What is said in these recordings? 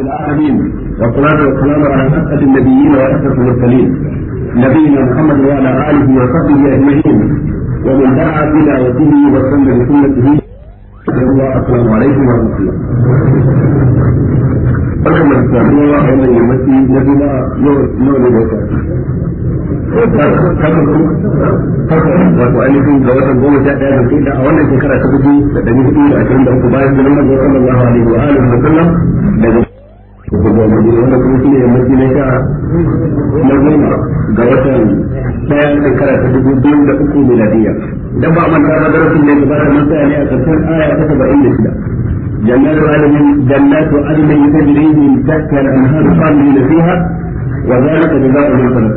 العالمين والصلاة والسلام على أسقى النبيين وأسقى المرسلين نبينا محمد وعلى آله وصحبه أجمعين ومن دعا إلى وسلم سنته صلى الله عليه وسلم السلام عليكم ورحمة الله أكمل السلام الله أن يمسي نبينا نور نور البشر فقط فقط وقال لكم جواب الله تعالى في الدعوة التي كانت تبدو لدى المسؤول عشان الله عليه وآله وسلم wanda kuma shi ne yammaci na sha na goma ga watan daya shekara ta dubu biyu da uku miladiya dan ba manta ba darasin ne ba mun tsaya ne a karshen aya ta 76 جنات عدن جنات عدن تجري من تحتها الانهار خالدين فيها وذلك جزاء المتقين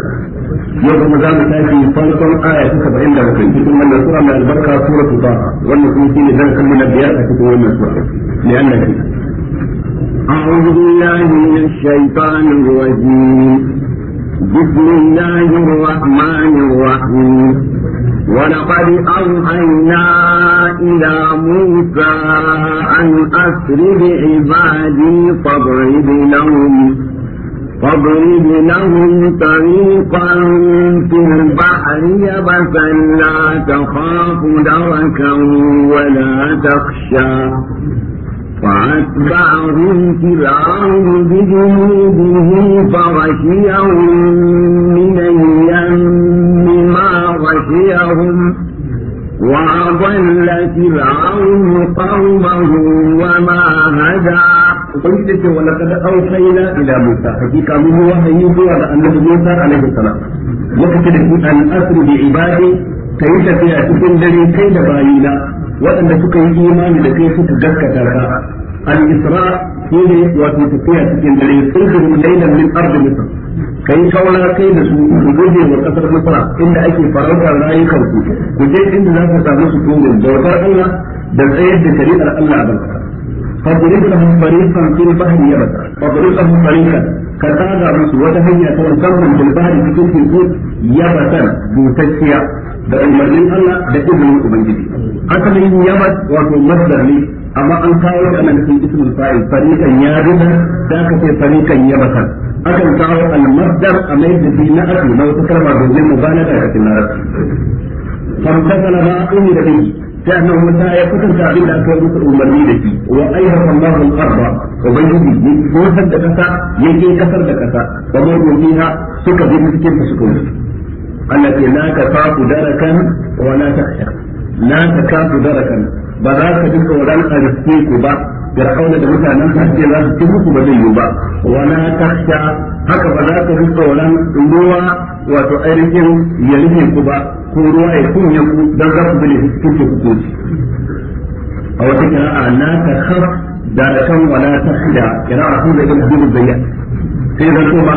يوم زام تاتي فرق آية 77 cikin wannan sura mai albarka suratul Taha wannan kuma shine darasin mu na biyar a cikin wannan sura ne Allah أعوذ بالله من الشيطان الرجيم بسم الله الرحمن الرحيم ولقد أوحينا إلى موسى أن أسر بعبادي فاضرب لهم فاضرب لهم طريقا في البحر يبسا لا تخاف دركا ولا تخشى فأتبعهم فرعون بجنوده فغشيهم من اليم ما غشيهم وأضل فرعون قومه وما هدى ubangiji ce wala kada auhayna ila musa hakika mun wahayi zuwa da annabi musa alaihi salam lokacin da an asri bi ibadi kai tafiya cikin dare kai da bayina waɗanda suka yi imani da kai suka gaskata ka al-isra shine wato tafiya cikin dare sun gudu lailan min ardi misr kai kaura kai da su ku gode wa kasar misra inda ake farautar rayukan ku ku je inda za ku samu su tungo bautar Allah da tsayar da shari'ar Allah a barka فضرب لهم طريقا في البحر يبسا فضرب لهم طريقا ka musu wata hanya ta musamman bil bahri cikin teku yabatan butacciya da umarnin Allah da izinin ubangiji asalin yabat wato masdar ne amma an kawo shi anan cikin ismul fa'il fariqan yabatan da ka ce fariqan yabatan akan kawo al masdar a mai da na asu na wata kalma domin mubalaga cikin larabci فانتقل ما أمر به sai annabi Musa ya kusanta abin da aka yi musu umarni da shi wa ayyuka Allahu al-arba ubangiji ne kotar da kasa yake kasar da kasa wa mu fiha suka bi cikin su suka wuce Allah ke la ka faku darakan wa na tahsha la ka faku darakan ba za ka ji tsoron a ku ba fir'auna da mutanen sa ce za su ci musu ba zai yi ba wala takhsha haka ba za ka rufe wannan ruwa wato ainihin ya rufe ku ba ko ruwa ya kunya ku dan za ku bude cikin ku ku a wata kira'a la takhaf da da kan wala takhda kira'a sun da ibn habib zayya sai da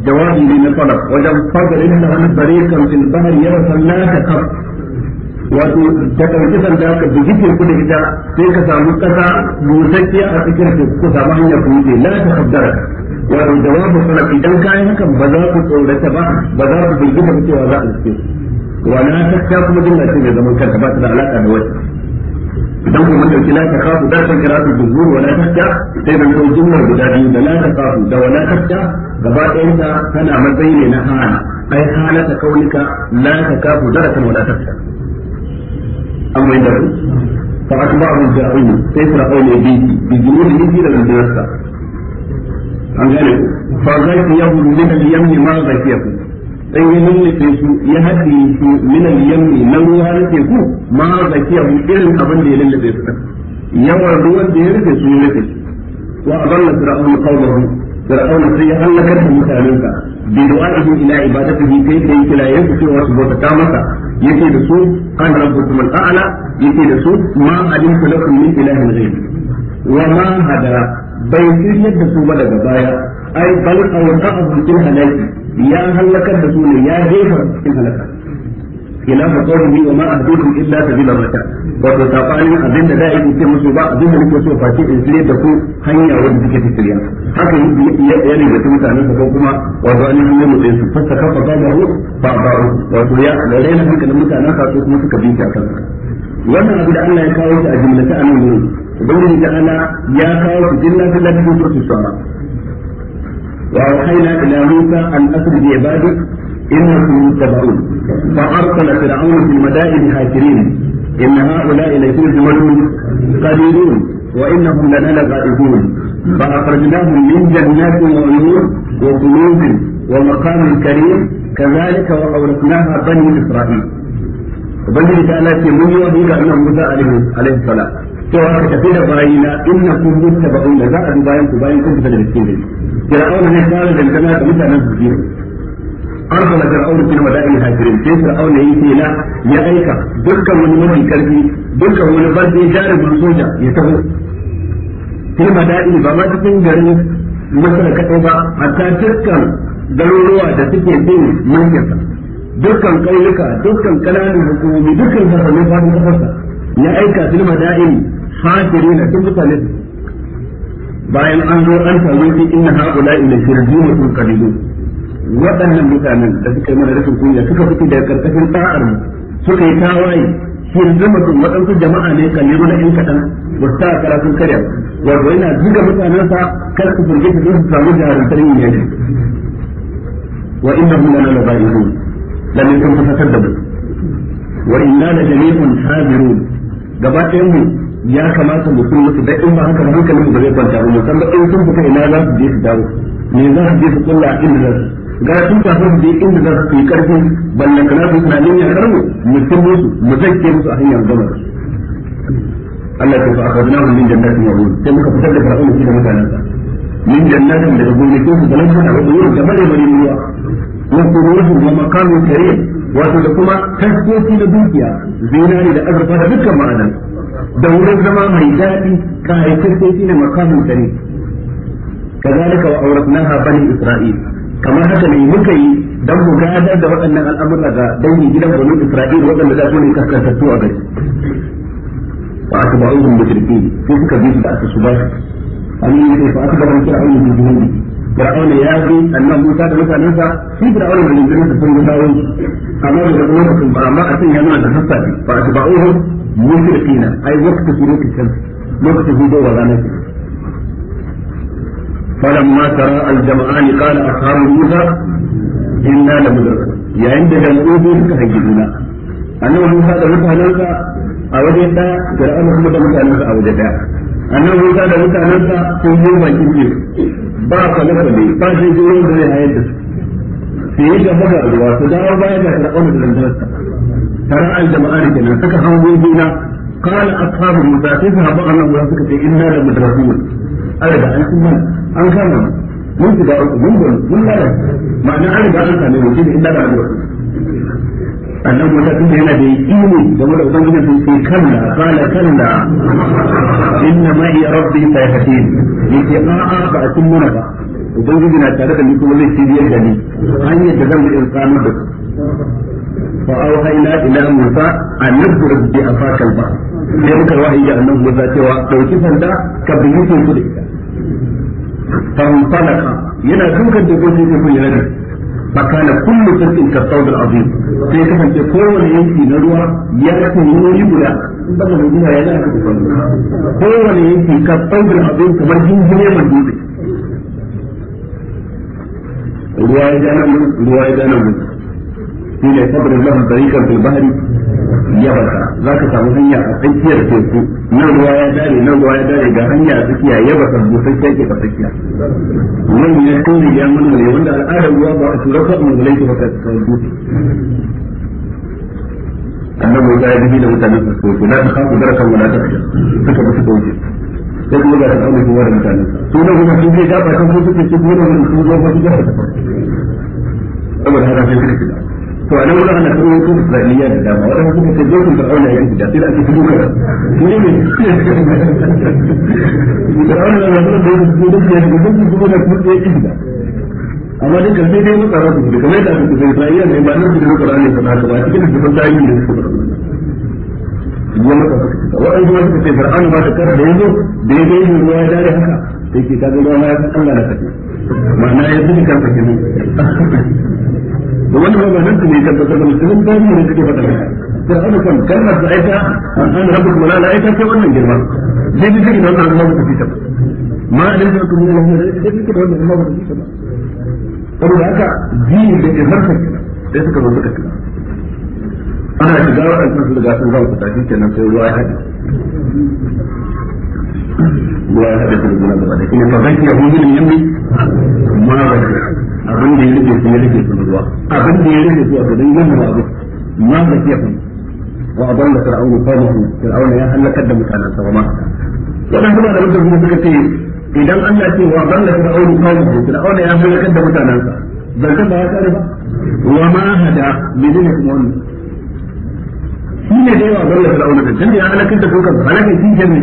ne na talab wajen fadalin da wani barikan fil bahr wato ta ɗauki sanda ka bugi teku da ita sai ka samu ƙasa busakkiya a cikin teku ka samu hanya ku yi la ta kaddara wato jawabu salaf idan kayan hakan ba za ku tsorata ba ba za ku bugi ba cewa za a riske wala ta kuma jumla ce mai zaman kanta ba ta da alaka da wata idan kuma dauki la takafu da kan kira su jumhur wa la takka sai da ko jumlar guda biyu da la takafu da wala takka gaba ɗayan ta tana matsayi ne na hana ai halata kaunika la takafu da kan wala takka an mai da fa akbaru da'un sai fir'aun ya bi bi jumu'i ne da rundunarsa an gane fa zaki yahu min al-yamni ma zakiyaku sai ya lullufe su ya haɗe su min al-yamni na ruwa na teku ma zakiyahu irin abin da ya lullufe su yawan ruwan da ya rufe su ne rufe wa aballa fir'aun qawluhu فرعون سي هلكت متعلمك بدعائه الى عبادته كيف يمكن ان يفتح سبحانه مسا يكي دسو قال ربكم الاعلى يكي دسو ما علمت لكم من اله غير وما هدى bai shiryar da su ba daga baya ai bal awta abu cikin halaki ya halakar da su ne ya jefa cikin halaka khilafu qawli wa ma ahdukum illa sabila rashad wato sabanin abin da da'i ke musu ba abin da nake so face in sire da ku hanya wanda take tafiya haka ya ne da mutanen ka kuma wato an yi mu sai su fassa kafa ba ba ba ba wato ya da raina hankalin mutanen ka kuma suka bi ta kan wannan abu da Allah ya kawo shi a jimlata a nan wurin ubangiji ta'ala ya kawo shi jilla fil lafi sura wa وأوحينا إلى an أن أسر بعبادك إنكم تبعون فأرسل فرعون في المدائن هاجرين إن هؤلاء لفرعون قليلون وإنهم لنا لغائبون فأخرجناهم من جنات وعيون وكنوز ومقام كريم كذلك وأورثناها بني إسرائيل وبني تعالى من يهود أن موسى عليه السلام cewa ka tafi da bayina inna kun mutta ba'un da za a bi bayan ku bayan kun fita daga cikin gari fir'auna ne kare dangana da mutanen su biyu arzana fir'auna fil madaini hakirin sai fir'auna yayi tela ya aika dukkan wani mafi karfi dukkan wani jari jarumin soja ya taho fil madaini ba ma cikin garin masar kadai ba hatta dukkan garuruwa da suke bin manyansa dukkan ƙauyuka dukkan ƙananan hukumomi dukkan sassanin fadin kasarsa ya aika fil madaini hakirin da duk mutane bayan an zo an same shi inna haula ila shirjuma sun qalilu waɗannan mutanen da suka yi mana rashin kunya suka fito daga karkashin ta'ar suka yi tawaye sun zama sun waɗansu jama'a ne kalle mana in kaɗan ba su ta'a karatun karya wato yana mutanen sa kar su furge su su samu jarumtar yin yaji wa inna hum lana da lalle sun fasatar da mu wa inna la jami'un hadirun gaba ɗayan mu ya kamata mu sun musu da in ba haka hankalin mu ba zai kwanta mu san da in sun fita ina za su je su dawo me za su je su kulla inda za su ga sun tafi su je inda za su yi karfi ballan kana su tunanin ya karmu mutum musu mu zakke musu a hanyar gama da Allah ya fa akhadna hum min jannatin wa uyun sai muka fitar da fara'un shi da mutanen sa min jannatin daga gonakin su da lantana da uyun da bare bare ruwa wa kuruhu wa maqamu karim wato da kuma tasfofi na dukiya zinari da azurfa da dukkan ma'adan da wurin zama mai daɗi kayan tasfofi na maqamu karim كذلك وأورثناها بني إسرائيل kamar haka ne muka yi dan mu gadar da waɗannan al'amura ga dangi gidan banu Isra'ila waɗanda za su ne kaskantattu a gari wa aka ba ayyukan mushrikin sai suka bi su da aka su ba an yi sai fa aka ba ran fir'auna da zuhuri fir'auna ya bi annabi Musa da mutanensa shi fir'auna da jinjin sa sun dawo amma da kuma mutum ba amma a cikin yana da hassa fa aka ba ayyukan mushrikin ai waqtu surutu shams lokacin hudowar ranar فلما ترى الجمعان قال أصحاب موسى إنا لمدركون يا عند الأوبي كهجدنا أنه موسى ده متعنانسا أوجه ده فرعون محمد متعنانسا أوجه ده أنه موسى ده متعنانسا سنجوم وانجيب ba kwalifar da ba shi jirin da zai hayar da su sai ya ga maga ruwa su dawo baya ga karɓar da zantarsa tara al jama'a da nan suka hango juna قال أصحاب موسى كيف هبأنا ولا سكت إنا لمدركون an riga an cin mana an kama mun shiga uku mun gudu mun lalata ma'ana an riga an same mu da ne da rabuwa sannan kuma ta tunda yana da yaƙini game da ubangijin sun ce kalla kala kalla inna ma iya rabbi sai hakim yake a'a ba a cin mana ba ubangiji na tare da ni kuma zai cibiyar da ni hanyar da zan yi in samar da ku فأوحينا إلى موسى أن نضرب بأفاك البحر sai muka wahayi ga annabi Musa cewa dauki sanda ka biyu sun da ita fanfalaka yana dukan da gobe sai kun yana bakana kullu sirrin ka saudul azim sai kasance kowane yanki na ruwa ya kasance wuri guda daga duniya yana da kowane yanki ka azim kamar jinjine ruwa ya ruwa ya gana shine sabrin lahum tariqan fil bahri yabarka zaka samu hanya a tsakiyar teku na ruwa ya dare na ruwa ya dare ga hanya a tsakiya da busasshiya ke tsakiya nan ne kun ya mun ne wanda al'adar ruwa ba a tura ka mun laifi ka tsawo annabi ya yi da mutanen su ko na ta wala ta suka bi su dauke sai kuma ga ta kuma da su na kuma su je da ba kan su suke su da su zo ba su ga ta saboda haka sai to a nan wurin ana kuma yankin isra'iliya da dama wadanda suka ce zofin da auna yankin da sai da ake duka ne ne da auna da zuwa da yankin da yankin da yankin kuma da kuma da yankin da amma dai karfe dai mun tsara su da kamar da aka ce isra'iliya ne ba nan da qur'ani da haka ba cikin da kuma tarihi ne suka ya maka suka ce waɗanda ma suka ce fir'aun ba da kar yanzu da ya gani ruwa ya dare haka sai ke kaga ruwa ya Allah na kace ma'ana ya zuba kansa ne da wani ba ba nan ne kan ta sanar da ne kake fada da abu kan da aita an rabu kuma la aita sai wannan girma dai dai kake nan da Allah ku fita ma dan da kuma Allah ne dai kake da wannan Allah ku fita saboda haka ji da izarka sai suka zo suka fita ana shiga wa'ansu su riga sun zama fita kenan sai ruwa ya haɗe ruwa ya haɗa da juna gaba da shi ne ya hudu min yammi ma zaki abin da ya rike su ya rike su ruwa abin da ya rike su a gaban yamma abu ma zaki ya hudu wa abin da fir'aunu qawmuhu fir'auna ya halakar da mutanen sa ma wannan kuma da mutum suka ce idan Allah ce wa abin da fir'aunu qawmuhu fir'auna ya halakar da mutanen sa zaka ba ya kare ba wa ma hada bidin kuma wannan shi ne da yawa zalla fir'auna kan tunda ya halakar da kokan halakar shi ne ne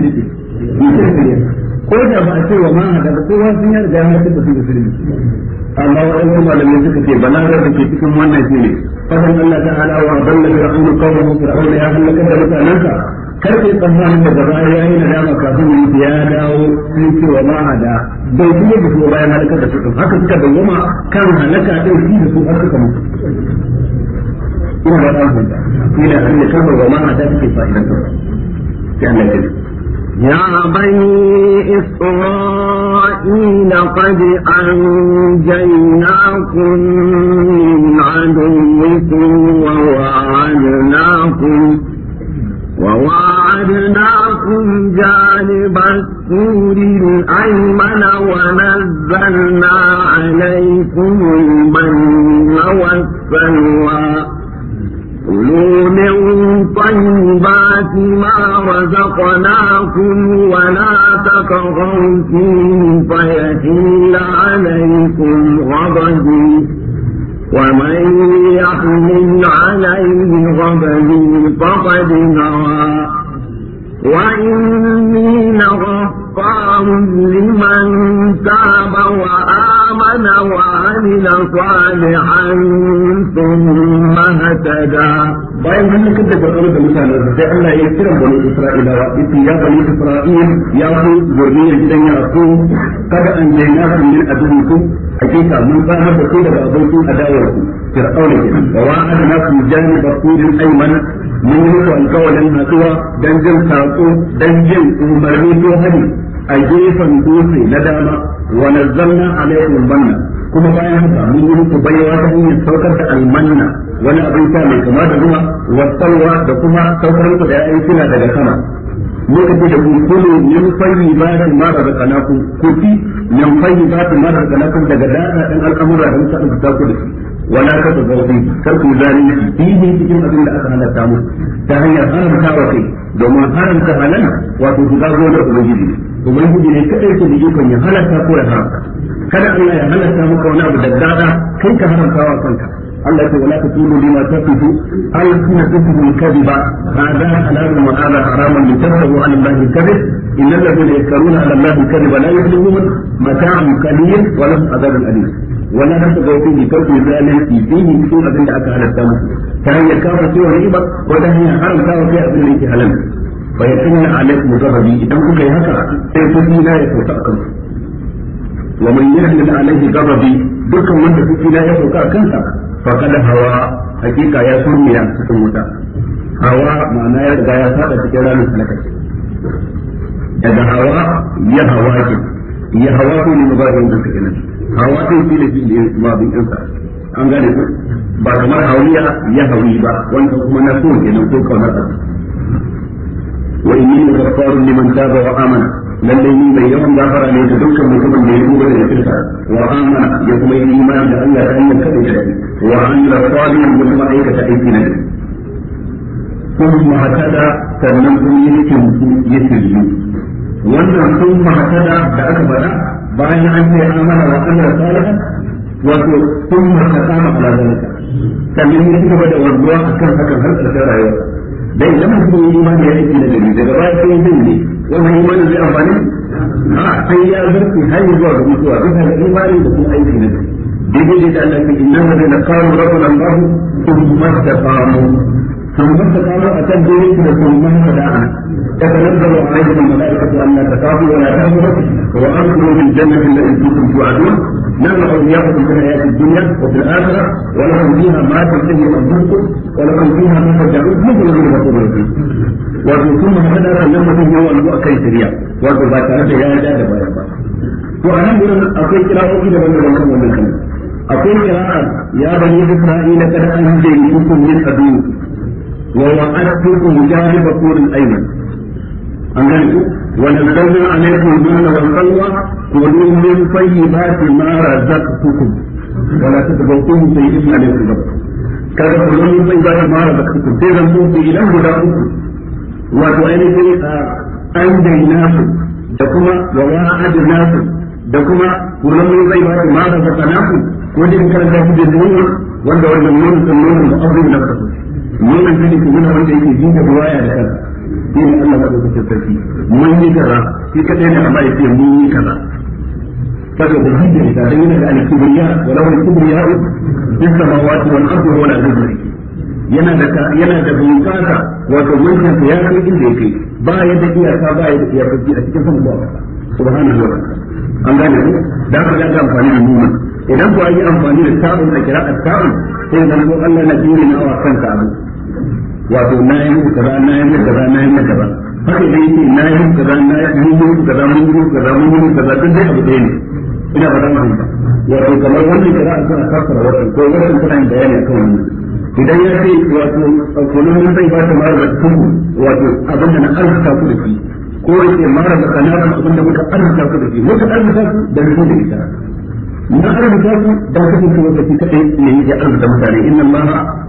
ko da ba a ce wa man hada ba kowa sun yarda ya mutu da musulmi amma waɗansu malamai suka ce balagar da ke cikin wannan shi ne fadin Allah Ta ta'ala wa dalla bi rahmu qawmu fir'auna ya halaka da mutananka karfe tsammanin da gaba ya yi nadama kafin yi ya dawo sun ce wa ma'ada bai fi yadda su bayan halaka da su haka suka bayyana kan halaka ɗin shi da su har suka mutu ina ba ta hukunta ina kan da kalmar wa ma'ada take fa'idantar sai Allah ya يا بني إسرائيل قد أنجيناكم من عدوكم ووعدناكم ووعدناكم جانب السور الأيمن ونزلنا عليكم المن والسلوى مما رزقناكم ولا تطغوا فيه فيحل عليكم غضبي ومن يحمل عليه غضبي فقد نرى وإني لغفور ووفاهم لمن تاب وآمن وعمل صالحا ثم هتدى bayan hannun kan da gwargwaro da mutanen sai Allah ya kiran bani Isra'ilawa yace ya bani Isra'il ya ku zuriyar gidan Yaqub kada an na san min mun da ku daga wa umarni to a gefen dutse na dama wa nazzalna alaihim manna kuma bayan haka mun yi muku baiwa ta hanyar saukar da manna wani abin ta mai kama da ruwa wa salwa da kuma saukar muku da yayin kina daga sama lokaci da ku kulu min tayyibatin ma razaqnakum ku ci min tayyibatin ma razaqnakum daga da'a dan al'amura da muka ambata ku da shi ولا تتزوجي تركوا ذلك فيه cikin abin da aka halatta mu ta hanyar haramta wa kai domin haramta halal wato shiga gonar ubangiji ubangiji ne kadai ke da ikon ya halatta ko ya haramta kada Allah ya halatta maka wani abu da dada kai ka haramta wa kanka Allah ya ce wala taqulu lima taqitu al-sunnatu al-kadhiba hada halalun wa hada haramun li tasawu 'ala Allah al-kadhib إن الذين يذكرون على الله الكذب لا يخلقون متاع قليل ولهم عذاب أليم ولا نفقه فيه كوكب ذلك فيه بدون أبن أكل الدم فهي كافة فيها ريبة ولا هي حرم كافة فيها أبن أكل fa yakunna mu ghadabi idan kuka yi haka sai fushi na ya sauka akan ku wa man yahlil alaihi ghadabi dukkan wanda fushi na ya sauka akan sa fa kada hawa hakika ya surmiya cikin wuta hawa ma'ana ya riga ya saba cikin ranar halaka daga hawa ya hawa ke ya hawa ko ne mabarin da suke nan hawa ko shi ne ma mabarin ɗinsa an gane ba kamar hauriya ya hauri ba wanda kuma na so kenan ko kaunar wa inni ghaffarun liman taba wa amana ni mai yawan gafara ne ga dukkan mutumin da ya tuba da shirka wa amana ya kuma yi imani da Allah ta hanyar kada shi wa amila salihan da kuma aikata aiki na gari ثم هكذا سلمتم يلكم يسلم wannan sun mahakada da aka bada bayan an ce amana wa Allah salihan wato sun ma ala zalika sannan ya ci gaba da wanzuwa akan hakan har ƙarshen rayuwa dan idan mutum ya yi imani ya aiki na gari daga baya sai yin ne wannan imani zai amfani a sai ya zarfi har zuwa ga mutuwa bisa ga imani da kuma aiki na gari daidai da Allah ya ce inna ladina qalu rabbuna Allah thumma istaqamu ثم استقاموا أشد مثلكم من فداء تتنزل عليهم الملائكة أن لا تخافوا ولا تهزموا وأدخلوا في الجنة التي كنتم توعدون نحن أولياؤكم في الحياة الدنيا وفي الآخرة ولهم فيها ما تشتهي أنفسكم ولهم فيها ما تدعون مثل الذين تقولون فيه wato sun ma hada sannan هو ya wani a kai shari'a wato ba tare da ya da baya ba to a nan gurin akwai kira'o'i da wannan kan wannan kan akwai kira'a ya bani ووعدتكم جانب الطور الايمن أمنتم ونزلنا عليكم المال والقلوة كلوا من طيبات ما رزقتكم ولا تتبوكوه سيئين عليكم ربكم kada ku zama mai bayan mara da kuka sai zan mu bi idan guda uku wato ainihin an daina su da kuma wa wa'adna su da kuma ku zama zai bayan mara da kana ko din kan da ku da wanda wannan nuna sun nuna da abin da kuka mun wannan hadisi yana wanda yake jinka riwaya da kansa shi ne Allah ya dauke sarki mun yi kaza shi kadai ne amma yake mun yi kaza kaga da hadisi da dan yana da al-kibriya wa law al-kibriya fi samawati wal ardi wa la yana da yana da bukata wato mun sa ya kai inda yake ba ya da iyaka ba ya da iyaka a cikin sama ba subhanahu wa an gane ku da aka ga amfani da nuna idan ku yi amfani da ta'un a kira'at ta'un sai zan ko Allah na jini na wa kanka abu wato na yi muku kaza na yi muku kaza na yi muku kaza haka dai yake na yi muku kaza na yi muku kaza mun yi muku kaza mun yi muku kaza duk dai abu ɗaya ne ina faɗa muku wato kamar wannan kaza a kan kafara wannan ko wannan kana yin bayani akan wannan idan ya ce wato kullum zai ba ta mara da tuku wato abin da na arzika ku da shi ko yake mara da kananan abin da muka arzika ku da shi muka arzika ku da mutum da ita na arzika ku da kuka kuma da kaɗai ne yake arzika mutane inna ma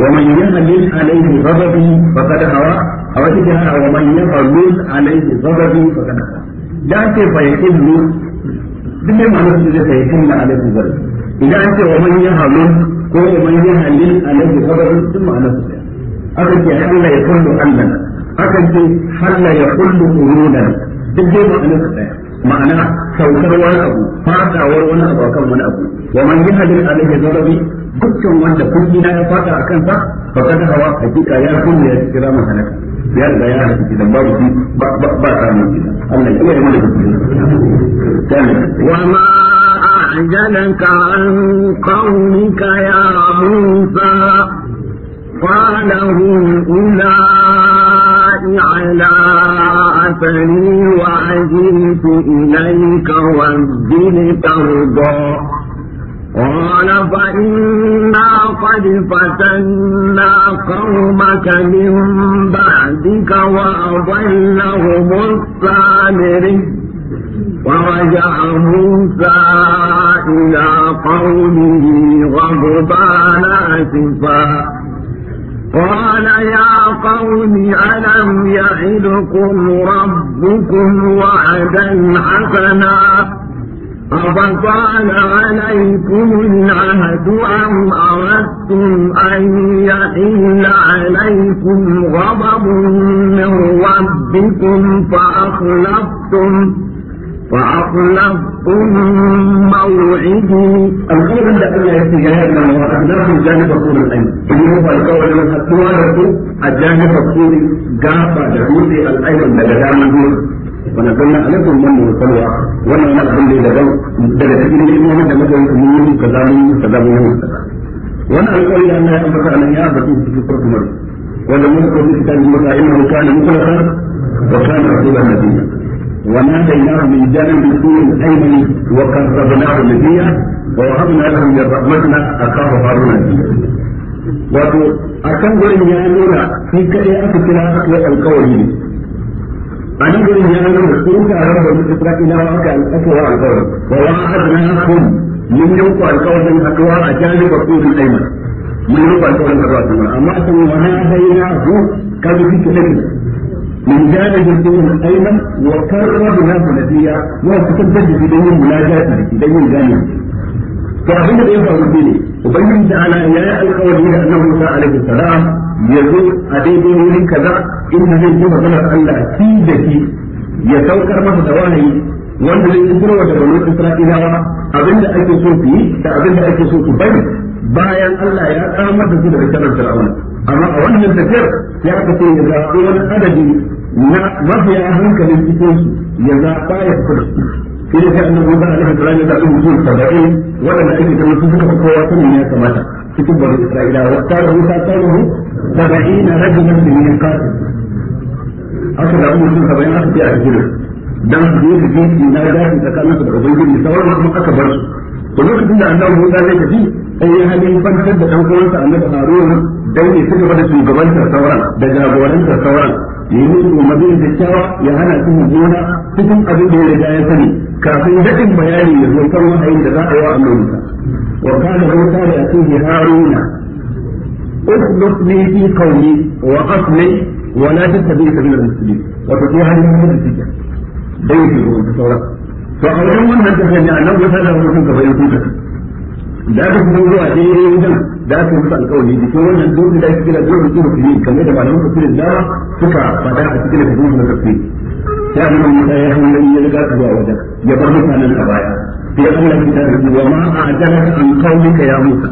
ومن يهلل عليه غضبي فقد هوى أو تجاه ومن يغلل عليه غضبي فقد هوى da ce fayyakin ne duk da ma'anar su zai fayyakin na alaihi zar idan an ce wa ya halu ko wa man ya halil alaihi zar duk ma'anar su aka ce halla ya kullu allan aka ce halla ya kullu urunan duk dai ma'anar su daya ma'ana saukar wani abu fadawar wani abu akan wani abu wa man ya halil alaihi zar dukkan wanda kulli na ya fada akan sa fa kada hawa hakika ya kulli ya kira mun halaka ya riga ya halaka kidan ba shi ba ba ba ta mun Allah ya yi mana wa ma أعجلك عن قومك يا موسى على أثري وعجلت إليك قال فإنا قد فتنا قومك من بعدك وأضلهم السامري ورجع موسى إلى قومه غضبان آسفا قال يا قوم ألم يعدكم ربكم وعدا حسنا أبطأنا عليكم العهد أم أردتم أن يحل عليكم غضب من ربكم فأخلفتم فأخلفتم موعدي القول عند أن يتجاهلنا وأخلفتم جانب الطول الأيمن اللي هو القول من التوارث الجانب الطول جاب جهود الأيمن لجدام الجهود ونزلنا عليكم المن والسلوى وانا انا اقول لي da daga cikin ni'imomin da muka yi mun yi kaza mun yi kaza mun yi kaza wannan alƙawari da Allah ya ambata anan ya batu cikin kurkumar wanda mun ko cikin kitabin maka da kana mukhlaqa wa kana rasulan da وناديناه من جانب السور الايمن وقربناه نبيا ووهبنا له من رحمتنا اخاه هارون wato a kan gurin ya nuna shi kaɗai aka kira aka yi alkawari ne a nan ne ya nuna da sun taron da wani isra'ilawa aka alƙasawa alƙawar wa wa'adna hum mun yanku alƙawarin haɗuwa a jami'in bakurin aiman mun yanku alƙawarin haɗuwa a jami'in amma sun wahadaina hu kaji fi kiɗan من جانب الدين الايمن وكرمناه نبيا وتسدد في دين مناجاته في دين جانب فأبين ta ربيني ya yi يا القولين أنه موسى عليه السلام ya zo a daidai wurin kaza inda zai ji maganar Allah ki da shi ya saukar masa da wahayi wanda zai yi kurwa da banu Isra'ilawa abinda ake so su yi da abinda ake so ku bari bayan Allah ya samar da su daga sharar Fir'auna amma a wannan tafiyar ya ka ce ya zaɓi wani adadi na mafiya hankalin cikin su ya zaɓa ya fita da su sai da annabi ba a da ranar da mutum saba'in waɗanda ake ganin su suka kowa sanin ya kamata cikin bari Isra'ila wa wuta da aka a dan su yi jiki na tsakanin da ubangiji sauran kuma aka bar su da annabi Musa zai tafi ya da dan uwansa annabi Harun dan ne su gaba da shugabantar sauran da jagorantar sauran ya yi musu da kyakkyawa ya hana su gona cikin abin da ya riga ya sani kafin daɗin bayani ya zo kan wahayin da za a yi wa annabinsa wa kana Musa da asihi Haruna اخلص لي في قولي واصلي ولا تتبع سبيل المسلمين وتطيع عليهم من الفكر بيتي وتصورات فأولا من هذا النبي صلى الله عليه وسلم da aka fito zuwa daidai wajen da aka musu alkawari da kuma wannan dole da ake kira dole su mutu kamar da malaman tafsir da suka fada a cikin tafsirin da tafsir ya nuna musa ya hanyoyi ya riga su zuwa wajen ya bar mutanen a baya sai Allah ya ta rubu wa ma a ajalaka an qaulika ya Musa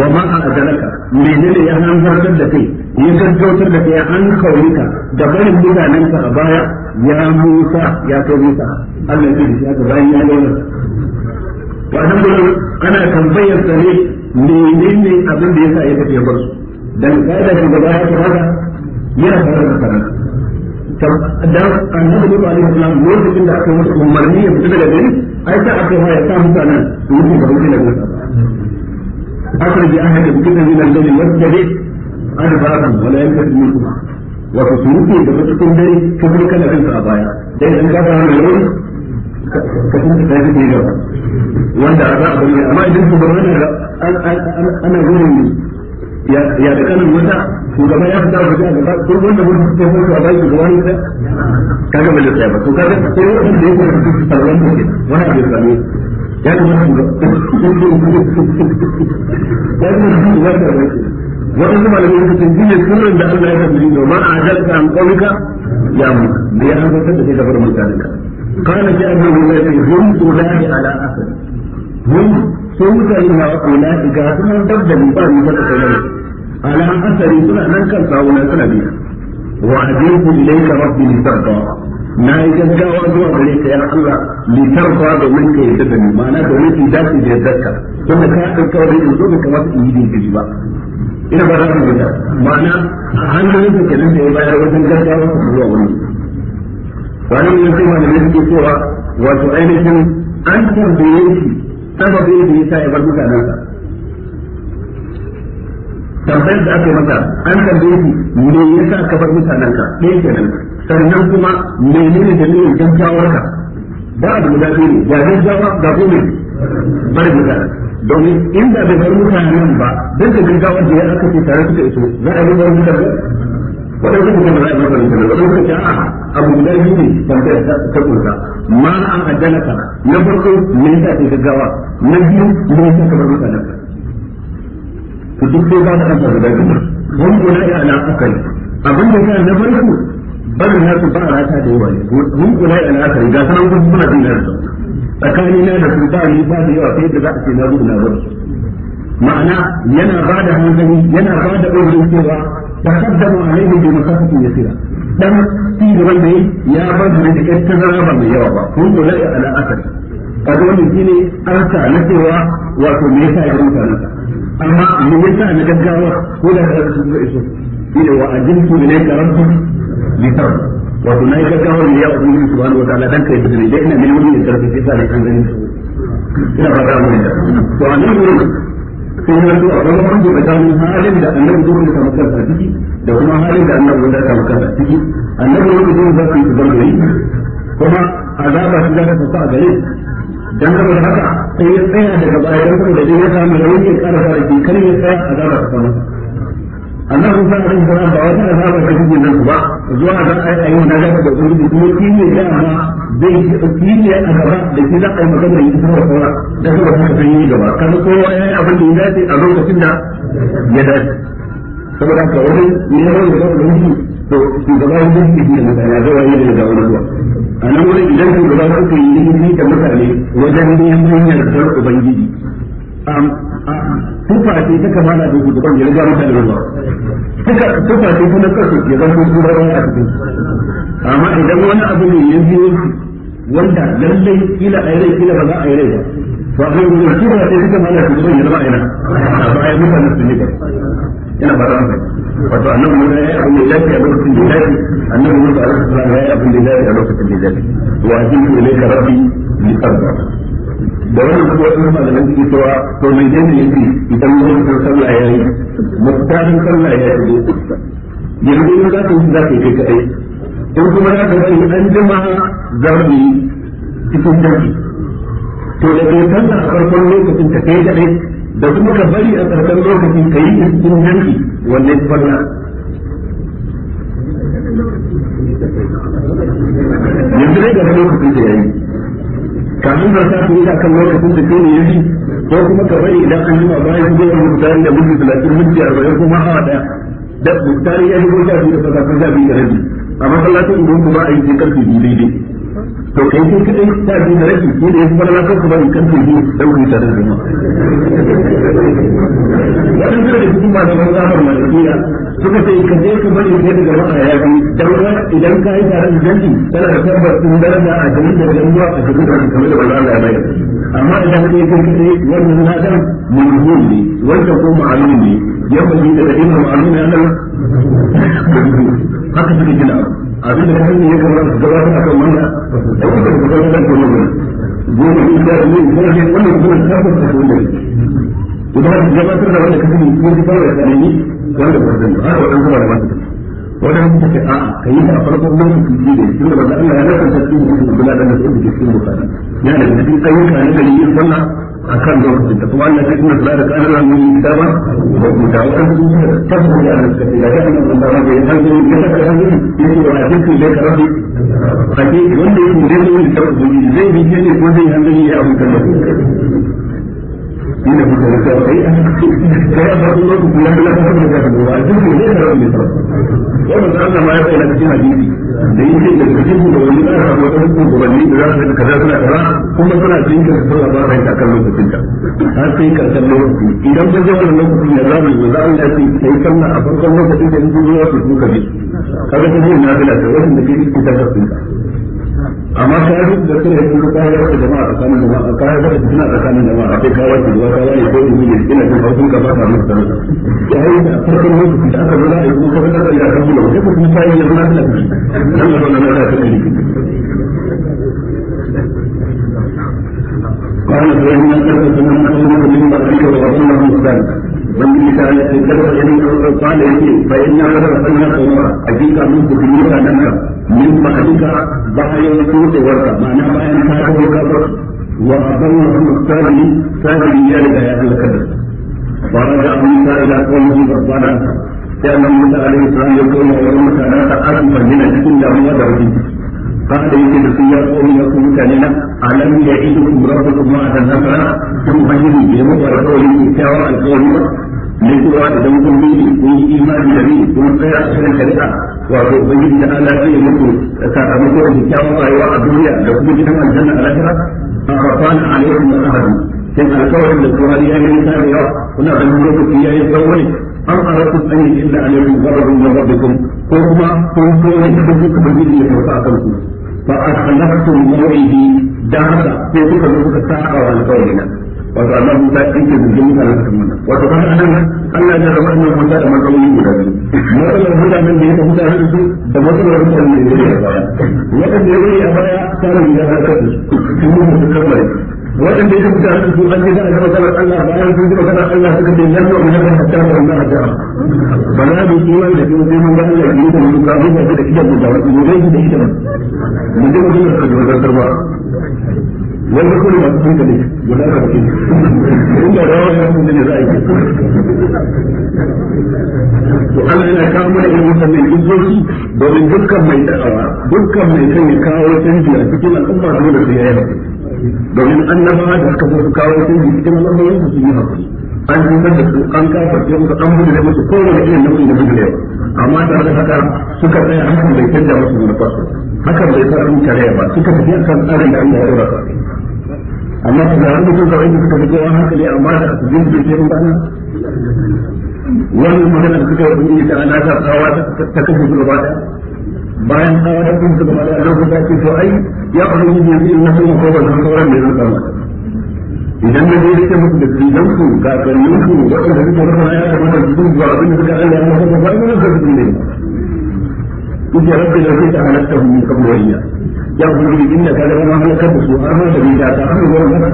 wa ma a ajalaka menene ya hanzartar da kai ya gaggautar da kai an kawo qaulika da barin mutanen ka a baya ya Musa ya kai Musa Allah ya ta rubu ya ga bayan ya to a nan ana tambayar sa ne menene abin da yasa ya tafi ya bar su dan kada shi gaba ya fara yana fara da fara dan annabi ne alaihi salam lokacin da aka yi umarni ya fita daga gari ai sai aka yi sa mutanen su yi da wuce daga أخرج أحد بكذا من الذي مسجد أربابا ولا يلبس منكما وفي سلوكه بفتكم دي كبر كان أنت أبايا دي an gaba العلم ka kuma ka tafi ne gaba wanda a za a bayyana amma idan ku bar wannan ana gurin ya ya da kanin wata shugaba ya fita waje a gaba ko wanda mun fito ko a bai shugaba ne da kaga bai da ba to kaga ko wanda da yake da su sallan ne wani abu da ne ya kuma shugaba ya kuma shugaba da ne waɗansu malamai suka ce jiya sirrin da Allah ya tabbata ma a jalta an kauka ya mu da ya hanzarta da kai da farmanta da قال جابر بن زيد هم أولئك على أثر هم سوء إلى أولئك ثم بدلوا بعد ذلك على أثري سنة من كان فهنا سنبيا وأبيت إليك ربي لترضى na yi gaggawa zuwa gare ka ya Allah litarfa domin ka yarda da ni ma'ana domin ki dace da yardarka don da ka ɗauka in zo da kamata in yi jinkiri ba ina ba za ku gida ma'ana a hannun ka kenan da ya bayar wajen gaggawa zuwa wani ba ne sai malamai suke cewa wato ainihin an tambaye shi sababin da yasa ya bar mutanensa tambayar da aka yi masa an tambaye shi me yasa ka bar mutanenka ɗaya kenan sannan kuma menene dalilin ka ba abu guda biyu ne ga gaggawa ga kuma bar mutanen domin inda bai bar mutanen ba duk da gaggawar da ya aka ce tare suka iso za a yi bar mutanen waɗansu suka ba za a masa rikinar a abu guda biyu ne tambayar ta kunsa ma an addana ka na farko me ta kai gaggawa na biyu me ta ka mutanen ka ku duk sai ba da kansa guda biyu wani gona ya ana akali abin da ya na farko na su ba rata da yawa ne hun kula ya ala akali ga sanan gudu suna jin da tsakani na da su ba ni ba da yawa sai da za a ce na gudu na gudu ma'ana yana ba da hankali yana ba da ƙoƙarin cewa taqaddamu alaihim bi masafatin yasira dan ci gaban da ya bar da da ƴan tazara ba mai yawa ba kun kula ya ala asar kaga wannan shine arsa na wato me yasa ya rubuta nan amma me yasa na gaggawa ko da ka rubuta iso shine wa ajintu ilayka rabbi li tarda wato nayi gaggawar ne ya ubangiji subhanahu wa ta'ala ina da sai ya zanto akwai mafanci tsakanin halin da annabi zuwa da samu kansa a ciki da kuma halin da annabi wanda samu kansa a ciki annabi wanda zuwa za su yi su zama yi kuma azaba shi za ta sauka a gare dan saboda haka sai ya tsaya daga baya dan saboda dai ya samu rauni ya ƙara fara bi kar ya tsaya azaba ta samu annabi Musa alaihi bawa ba wata da zaba da cikin nan ba zuwa ga ayyuka na zaba da ubangiji kuma shi ne da amma zai shi ne a gaba da shi za a yi magana yi kuma kowa da kuma haka zai yi gaba kan kowa ya yi abin da ya dace a lokacin da saboda ka wani ne ya zaba da ubangiji to shi gaba ya zai shi da mutane zai wani da gaba zuwa a nan wurin idan shi gaba suka yi ilimi da mutane wajen neman ubangiji sifa ce ya ya zama a cikin amma idan wani abu ne ya biyo wanda lallai kila a rai kila ba za a rai ba da ya zama a rai ba a yi mutane su ne ba ina ba ran wato annabi mun yayi abin da lokacin da annabi mun da Allah yayi abin da lokacin da wa ajin rabbi li da wannan kuma wasu malaman suke cewa to mai ne yake idan mun san sallah yayi mutarin sallah yayi yanzu in za ka yi za ka yi kai in kuma za ka yi an jima za mu yi cikin jami to da ke sallah a farkon lokacin ka kai kadai da kuma ka bari a tsarkan lokacin ka yi cikin jami wannan falla yanzu da wani lokacin da yi. kamin ba ta fi da kan lokacin da kene yi ko kuma ka bari idan an yi ma bayan zuwa mutane da mutum talatin mutum zai kuma hawa daya da mutane ya yi sha da ta sha da rabi a masallacin ubangu kuma a yi sai karfe biyu daidai to kai kai kadai ta biyu da rashi ko da ya fara lafiya ka in kan biyu da tare da jama'a wannan da cikin malaman zamar malikiya suka sai ka je ka bari sai da jama'a ya bi dan idan ka yi tare da dangi tana da tabbas din daraja a gaban da dan zuwa a gaban da kamar da Allah ya bayar amma idan kai kai kadai wannan na dan mulhul ne wannan ko mu ne ينبغي للذين معلومين أنه haka suke gina abin da kan ya kamar da gaba ta kan wannan da kuma da gaba da ne wannan ne da ne ko ne ne kuma ne ta ne wannan ne ka ne da ne kafin ne ka ne da ne ne ba ne ba ne kuma ne wannan wadanda da ce a'a ka yi ta a farkon lokacin ji da shi da Allah ya rasa cikin mutum da Allah da su cikin bukata yana da cikin ayyuka ne da yin sallah akan lokacin da kuma Allah ya kuma da da kana ran mun da ba ko mu da wannan su ta ko ya da suka ya da mun da ba ya san ne da ta ran ne ne wa da su da ka ran wanda yake da ne da zai bi ne ko zai hanzari ya abu ta shi ne mutane ta ai sai a farkon lokaci kuma da a kuma da kuma a duk ne da rabin sa wannan Allah ma ya faɗa cikin hadisi da yake da cikin da wani da ya samu wani gobanni da za su yi kaza suna kaza kuma suna cikin da suna ba rai ta kan lokacin ta har sai karshen lokaci idan ba zai wannan lokacin ya zabi ba za Allah sai sai sannan a farkon lokacin da yake zuwa su kuka bi kaga ta yi na bila da wannan da ke cikin da amma ka yi da kai kuma da kai da jama'a a tsakanin jama'a ka yi da suna a tsakanin jama'a a ka wace ruwa ka wani ko yi ne ina jin hausun ka ba ka mu da ya yi da farkon lokaci da aka zura ai kuma ka da ya ka mu da kuma sai ya zura da shi Allah ya nuna da kai قال فإن كتبت من a من kawai ورسوله مختلف ومن كان يتكلم يمين قال يمين فإن هذا فإن قومها أجيك منك في ميزان النار min ba'dika bayan kudewarka ma'ana bayan ka kawo kabar wa abanna kuma sabiri sabiri ya riga ya halaka da faraja amsa ila qawmihi rabbana sai annabi Musa alaihi salam ya koma wa mutana ta asifa yana cikin damuwa da wajen قال يجد في قوم يكون كلنا ألم يعدكم ربكم وعدا نصرا ثم هجروا بهم ورسولهم كتاب القوم لكوا إذا كنتم به كن إيمان جميل كن خير أحسن wato ubangiji da Allah zai muku sakamako da kyawun rayuwa a duniya da kuma gidan aljanna a lahira a rafan alaikum wa ahadu sai alkawarin da tsohari ya yi nisa da yawa kuna ganin lokaci ya yi tsawo ne an arafu an yi illa alaikum wa rabbikum ko kuma kun so ne kun kuka ubangiji ya sauka a kanku fa akhlaftum mu'idi wato Allah wato kan Allah ya da matsaloli guda biyu matsalar mutanen da yake mutane da su da da a baya wanda yake a da su waɗanda ya fita su su an ce za a gama kalar Allah bayan sun ji maganar Allah suka ce yanzu mu haka hatta da wannan hatta ba na bi iman da kuma sai mun ga Allah ya yi da mu ka zuwa da idan da wani mu dai da idan mu dai mu da kaji wannan tarba wanda kuma ba su da ne wala ka ce inda da wannan mun ne za a yi to Allah yana kawo mana irin wannan izzoci domin dukkan mai da'awa dukkan mai kan ya kawo canji a cikin al'umma dole sai ya yi domin annabawa da suka zo su kawo sun cikin al'amuran su yi hakuri an zubar da su an kafarce musu an bugu da musu kowane irin nau'in da bugu amma da haka suka tsaya hakan bai canja musu manufar su hakan bai sa an kare ba suka tafi akan tsarin da Allah ya dora su amma su zaɓi mutum zaɓi da suka fi kowa hankali amma da su jin wannan magana da suka yi ta ana ta kawo ta su gaba ɗaya bayan na wadda kun suka faɗa a lokacin da to ai ya faru yin yanzu na ko sauran ne zan idan na da da ga ya kamata zuwa abin da Allah ya ba ne da ne rabbi da ta halatta mu kan ya inda ka halaka da su har da bida ta har da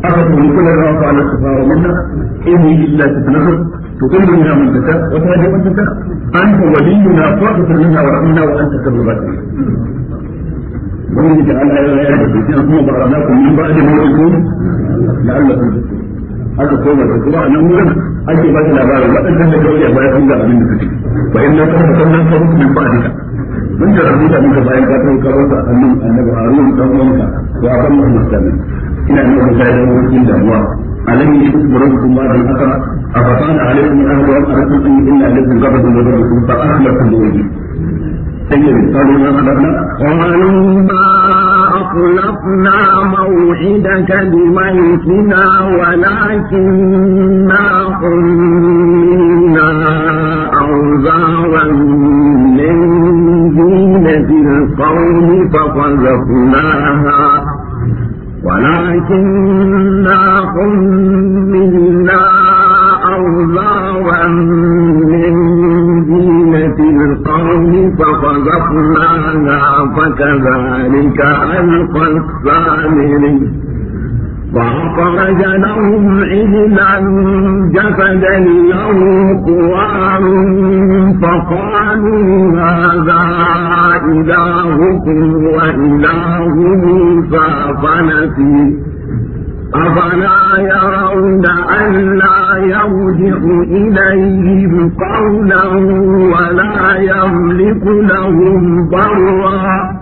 aka kuma in illa تضل منها من تشاء وتهدي من تشاء أنت ولينا فاغفر لنا وارحمنا وأنت خير ومن جعل آياته ثم ضربناكم من بعد لعلكم a nan ake ba labarin waɗannan da kawai bayan sun ga bayan ka ina nufin zai zama cikin damuwa alam yi shi kuma rubutun ba da haka a fasana alaikum an ruwan arzikin an yi illa alaikum gaba da zuwa rubutun ba a kuma kan dole قالوا ما أخلفنا موعدك بميتنا ولكننا حملنا أوزارا من دينة القوم فقذفناها ولكنهم منا أوزارا من دينة القوم فقذفناها فكذلك ألقى الثامرين فأخرج لهم عجلا جسدا له قوام فقالوا هذا إلهكم وإله موسى فنسي أفلا يرون ألا يرجع إليهم قولا ولا يملك لهم ضرا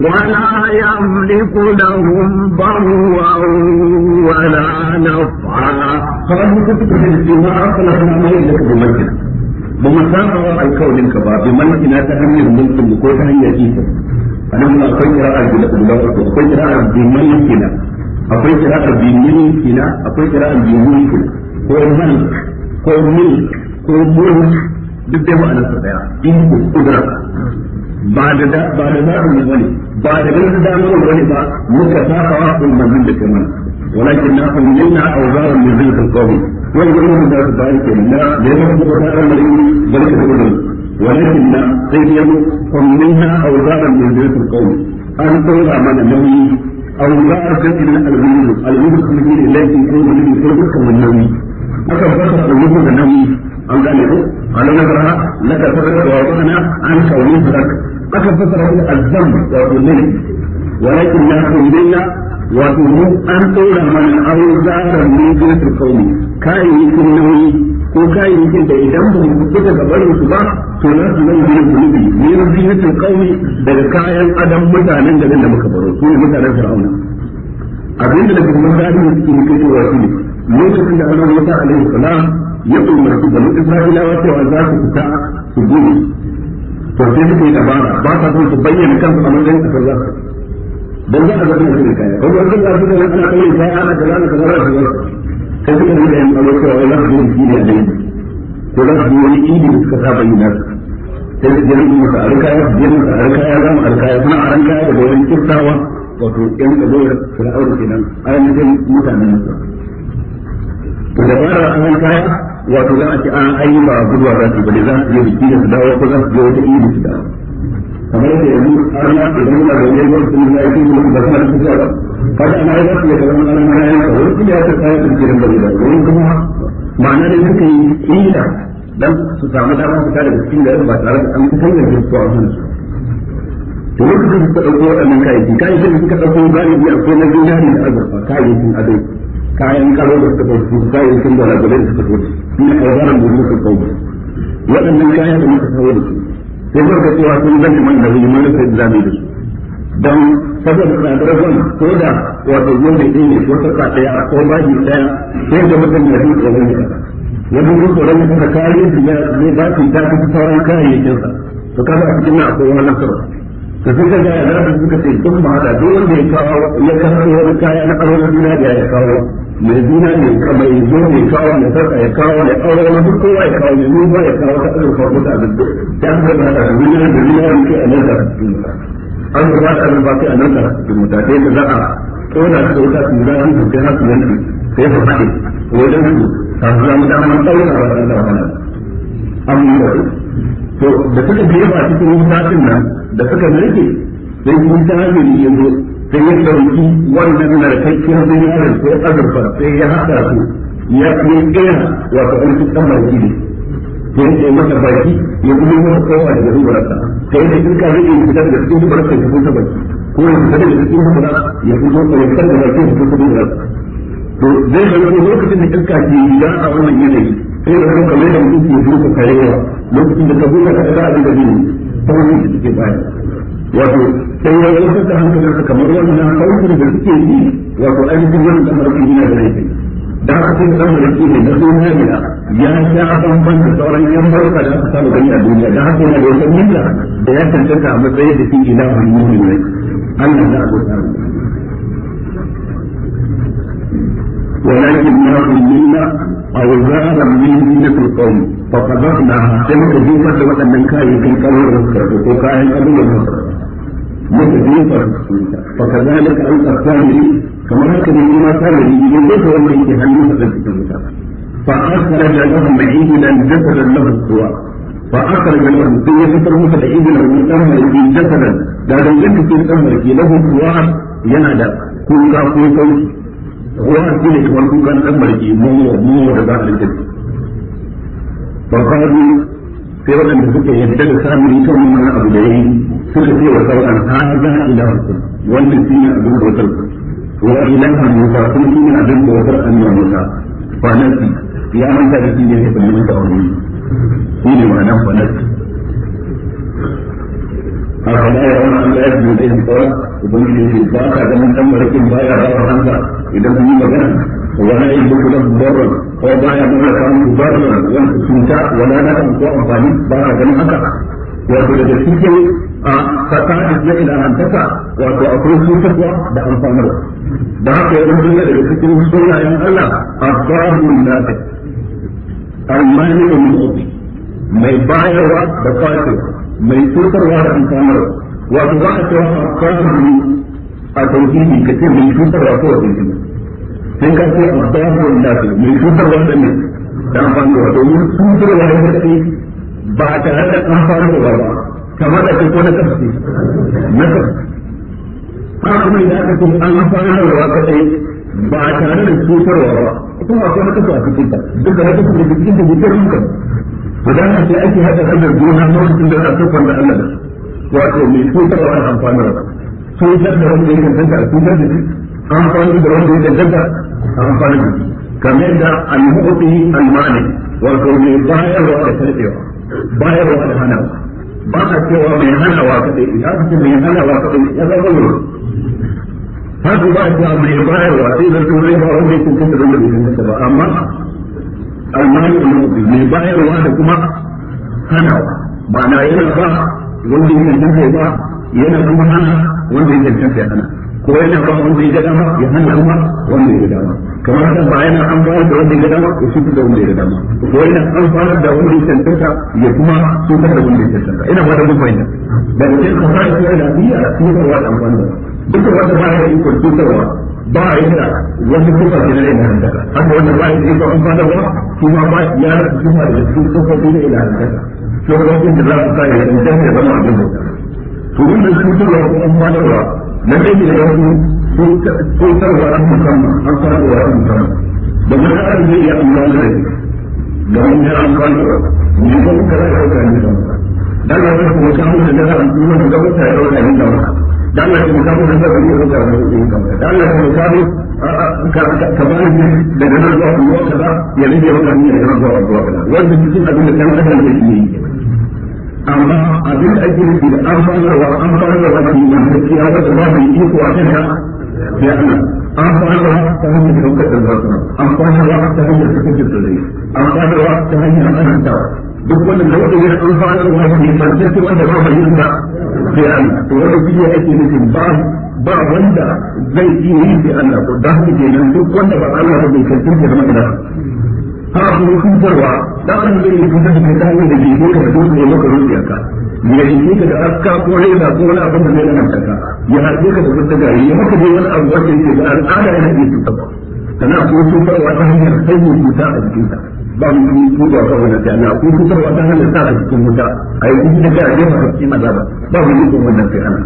ولا يملك لهم ضرا ولا نفعا فلما الكون الكبار بمن إنا تهمل ملك لكوتا هي إيسا أنا من أخير أجل أولاك أخير أجل بملكنا أخير أجل بملكنا أخير أجل بملكنا هو الملك هو الملك هو الملك duk dai ma'anarsa daya in ku ba da da ba da da mu bane ba da ganin da mu bane ba muka saka wa ummazin da kamar walakin na ummina awzaran min zikr qawmi wani gurin da su bayi ke na da yawan da ta amari da ka gurin walakin na sai ya mu ummina da min zikr qawmi an tsora mana nauyi awzar kan ilal alghulub alghulub kuma ne laifin ko wani ko kuma nauyi aka fasa alghulub da nauyi an gane ko a nan na laka tabbata wa wana an kauni fadak aka fasara shi azzam wato ne walakin la kunna wato mu an tura tsora mana auzaran ne gurin kauni kayayyakin nauyi ko kayayyakin da idan ba mu fita ga barin su ba to na su nan gurin zunubi ne zinatul qaumi daga kayan adam mutanen garin da muka baro su ne mutanen fir'auna abinda da kuma gadi ne suke kai to wasu ne lokacin da annabi Musa alaihi salam ya umarci banu Isra'ilawa cewa za su fita su gudu to sai suka yi dabara ba ta son su bayyana kansu a matsayin kasar za su dan za a zaɓi a cikin kaya ko ba su su da ana kai kaya ana kaza ana kaza za su yi suka yi da yan tsaro cewa wai za su yi a dai to za su yi wani idi da suka saba yi su sai su jira mu ka su jira mu ka za mu arkaya suna aran kaya daga wani kirtawa wato yan kazo da fir'auna kenan ayyukan mutanen su to da ba kaya wato za a ce an ayi ba gudu za ba bane za su je biki da su dawo ko za su je wata idi su dawo kamar da yanzu an ya ce a da ne ba su ne aiki ne ba kuma da su ba kada ana za su a kalan an ma ya ko wani ya ta kaya da kiran bari da wani kuma ma'ana da suka yi a dan su samu dama fita daga cikin garin ba tare da an fitar da su a hannunsu to lokacin da suka dauko waɗannan kayayyaki kayayyaki da suka dauko galibi akwai na zinari da azurfa kayayyakin adai kayan karo da suka fito kayayyakin gwalagwalai da suka fito ina aibaran da suka fito waɗannan kayan da muka kawo da su sai zarga cewa sun zan man da rijiman da sai zame da su don saboda tsadar ko da wato yau da ko ɗaya ko da mutum ya fi tsoron wani tsoron da ba su sauran kayayyakinsa a cikin na akwai wani da ga suka ce duk ma da duk wanda ya kawo ya kawo wani kaya na da ya kawo mai zina ne mai zo ne kawo ne sarka ya kawo ne aure wani duk kowa ya kawo ne noma ya kawo ta ɗaukar kawo ta abin da an zama da zina da zina wani ke a nan da cikin mutu an zama da abin ke a nan da cikin mutu sai da za a tona su da wuta su zama su kai hasu yanki sai su faɗi wajen su ta zama da man ɗaura a wajen da wani an yi da to da suka biya ba cikin mutatin nan da suka narke sai kuma ta hanyar yanzu sai ya ɗauki wannan narkakken ziniyar sai azurfa sai ya haɗa su ya ɗaya ɗaya wato an ɗan baki ne ya ce masa baki ya kuma yi masa kowa daga zubararsa sai da in ka rage fitar da cikin zubararsa ya fito baki ko ya fitar da cikin zubararsa ya fito ya fitar da baki ya kuma zubararsa to zai zama lokacin da iska ke ya a wannan yanayi sai da kuma kamar da mutum ke duka karewa lokacin da ka buɗe ka tsara abin da zai yi ta wani da suke baya wato sai ya yi da hankali su kamar na kawai da suke yi wato ainihin wannan da harfi na da laifi da aka sai da ɗan ne na duniya ne ya sha bamban da sauran yan barka da aka samu gani a duniya da haka yana da wata milla da ya cancanta a matsayin da shi ilahun mu'minin Allah da abota ولكن ناخذ منا أوزارا من زينة القوم فقدرناها كما كذبت وأن كان يمكن كبر المسرة وكان كبر المسرة يتغير فكذلك أنت الثاني كما هكذا لما كان يجب أن يكون هنيفة المتابعة فأخرج لهم عيدا جسدا له السواء فأخرج لهم في يفتر موسى عيدا من أمره جسدا لا يجب في أمره له السواء ينادى كل كافي صوت هو سيلك والكوكان أمره مو مو رضا الجسد فقالوا sai waɗanda suka yadda da samun ita wannan abu da yayi suka ce wa sauran hadha ilahu wannan ne abin da wasar wa ilaha musa kuma shine abin da wasar annabi musa fa nasi ya manta da shine ya fadi da wani shine ma'ana fa nasi أفلا يرون ne لا يجدوا إليهم قولا وبنجد في الباقة كمن تم ركب بايع رأى عنها yi magana مكان ولا يملك له ضرا ko baya nuna samun mubarak wani cuta wala kan ko amfani ba a ganin haka wato cikin a fasahar na wato akwai cutarwa da amfanarwa da haka cikin sunayen Allah nafi almani da mai bayarwa da mai cutarwa da amfanarwa wato za a cewa abbahun a tauhidi mai cutarwa ko tauhidi sai ka ce babban nasu mai cutar wanda ne da amfani da wato mun cutar wa ya ce ba tare da an da ba kamar da ko na kafi na kafi ba kuma idan aka ce an fara da wa kadai ba tare da cutar wa ba kuma akwai na kafi a cikin ta duk da na kafi da cikin da cutar muka to dan a ce ake hada hadar gona na wannan da aka fara da Allah wato mai cutar wa amfani da cutar da wanda ya danganta cutar da amfani da wanda ya danganta an fara da kamar da al-mu'ti al-mani wato mai bayarwa da karbewa bayarwa da hana ba a cewa mai hanawa kadai idan aka ce mai hanawa kadai ya zama wuri haka ba a cewa mai bayarwa sai da turai ba wanda yake kanta da mutum ba amma al-mani al-mu'ti mai bayarwa da kuma hanawa ba na yana ba wanda yake kanta ba yana kuma hana wanda yake kanta ya hana ko yana kan wanda ya gada ma ya hana ma wanda ya gada ma kamar haka bayan an bayar da wanda ya gada ma ya shi da wanda ya gada ma ko an fara da wanda ya tantanta ya kuma cutar da wanda ya tantanta ina ba da mun fahimta da cikin kafara ko da biya ko da wanda an fara duka wanda ba ya yi kuntutarwa ba a yi da wani kuka ke na ina hantaka haka wanda ba ya yi ba an fara ba shi ba ya kuma da cikin kuka na ina hantaka shi wanda da za su sa ya yi da zama abin da to wannan cutarwa ko dan dai da wasu ko tarwa musamman an tarwa musamman da wani arziki ya amfani da da wani ya amfani da ne ko kada ya dauka ne da dan ya ko ka mu da ran kuma da dauka ya dauka ne da dan ya ko ka mu da ran ya ne ne ne amma abin da ake nufi da an fara an fara wa wani na a da ba mai iko a kanta ya ana an fara wa ta hanyar daukar da zarfuna an fara wa ta hanyar an fara wa ta hanyar anantawa duk wannan da wanda yana an fara wa shi ne san sai wanda ba mai iko ya ana to wanda shi ake nufi ba ba wanda zai iya yi sai Allah ko da haka kenan duk wanda ba Allah ba bai san sai zama da ha ko dan an zai yi kusa da kai ta hanyar da ke ka da dutse ya maka rufiya ka ya yi ka da aska ko reza ko wani abin da a yi ka ya yi ka da yi ya maka yi wani abu yi yake da al'ada yana a yi sannan ko yi ta hanyar yi cuta a yi ba mu yi tuba ka wani ta na yi cutarwa a hanyar sa a yi wuta a yi a da kai a yi ka a yi ba mu yi tuba wannan sai ana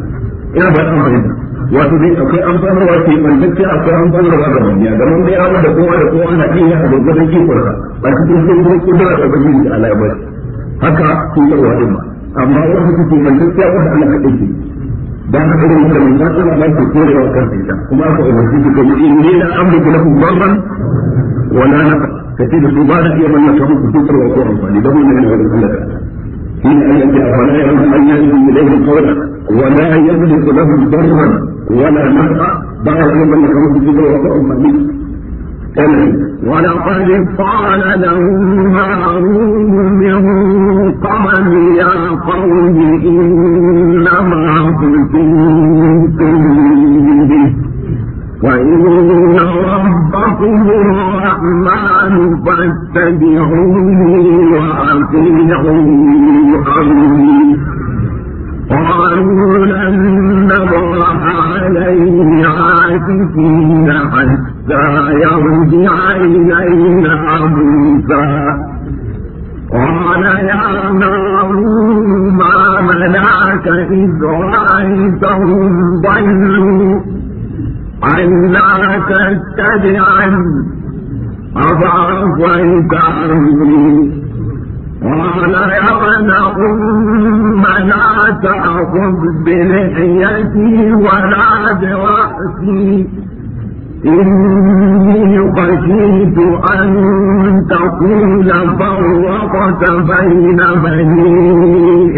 ina ba ta fahimta wato dai akwai amfanarwa ke ɓantacce akwai amfanarwa ga a yi ga mun dai abu da kowa da kowa na iya a a yi ba cikin sai kuma kudura da ubangiji da Allah haka sun yi wa din ba amma wani haka ke manzo sai wanda Allah kadai ke dan haka irin da mun zata ba ku kore wa kansa ita kuma aka umarci ku kuma inni la amliku lakum darran wa la nafa kace da su ba da iya manna ta ku kudura wa ko amfani da wannan ne wannan Allah shi ne ayyan da afala ya rubu lahum darran nafa wa amfani ولقد قال لهم هارون من قبل يا قوم إنما فتنتم به وإن ربكم الرحمن فاتبعوني وأطيعوا أمري قالوا لن نبرح عليه عاكفين حتى يرجع إلينا موسى قال يا نار ما منعك إذ رأيتهم ضلوا ألا تتبعا أضعفيت أمري قال يا نار ما لا تأخذ بلحيتي ولا برأسي إني خشيت أن تقول فرقت بين بني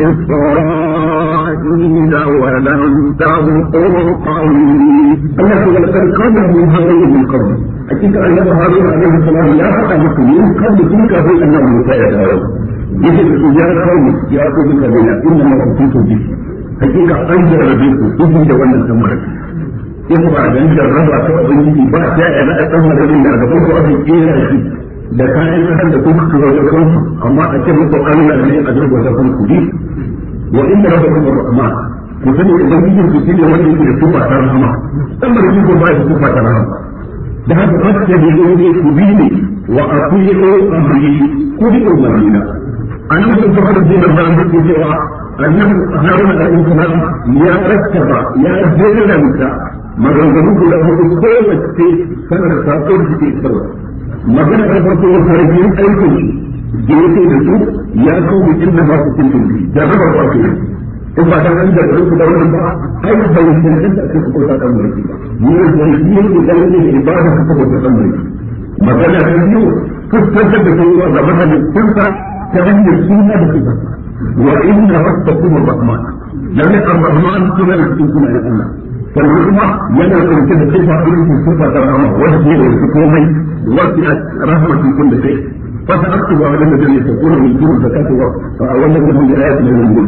إسرائيل ولم تذكر قولي الله ولقد قبل من هارون من قبل أكيد أن هارون عليه السلام لا حق مسلمين قبل تلك هو أنه موسى يتعرض يجب يا هارون يا أخو بك بنا إنما أوتيت به حقيقة أنزل بكم إذن جوانا سمعت in ba dan jarraba ta ubangiji ba ta ya na dan madadin da aka farko aka kera shi da kayan kasan da kuma su zo kansu amma a ce muku Allah ne a jirgo da kan kudi wa inna rabbakum ar-rahman ku sani ubangiji ku shine wanda yake da tuba ta rahama dan bari ku ba shi tuba ta rahama da haka kasta da yake ku bi ne wa atiyu amri ku bi umarina an mutum ta farko da ran ku cewa annabi haruna da ya rakkaba ya jera da mutum maganganu guda hudu kowace sanar sako da suke sarwa magana ta farko wa harafin aikin da yake da su ya kawo inda ba su cikin bi da raba ba ne. in ba dan an da su da wannan ba ai bai san da ake ko ta dan mulki ba ni ne da ni ne da ni ne ba da ka ko ta dan magana ta biyu fuskantar da kowa da mahallin kunta ta hanyar suna da kitab wa inna rabbakum arrahman lalle arrahman sunan cikin sunan Allah sannan kuma yana ɗauke da sifa irin su sifa ta rama wanda ke da su komai wasu a rahmatin kun da kai fasa aktu ba wadanda ne ta kuma mai kuma da kake wa a wannan kuma da ayatu ne mun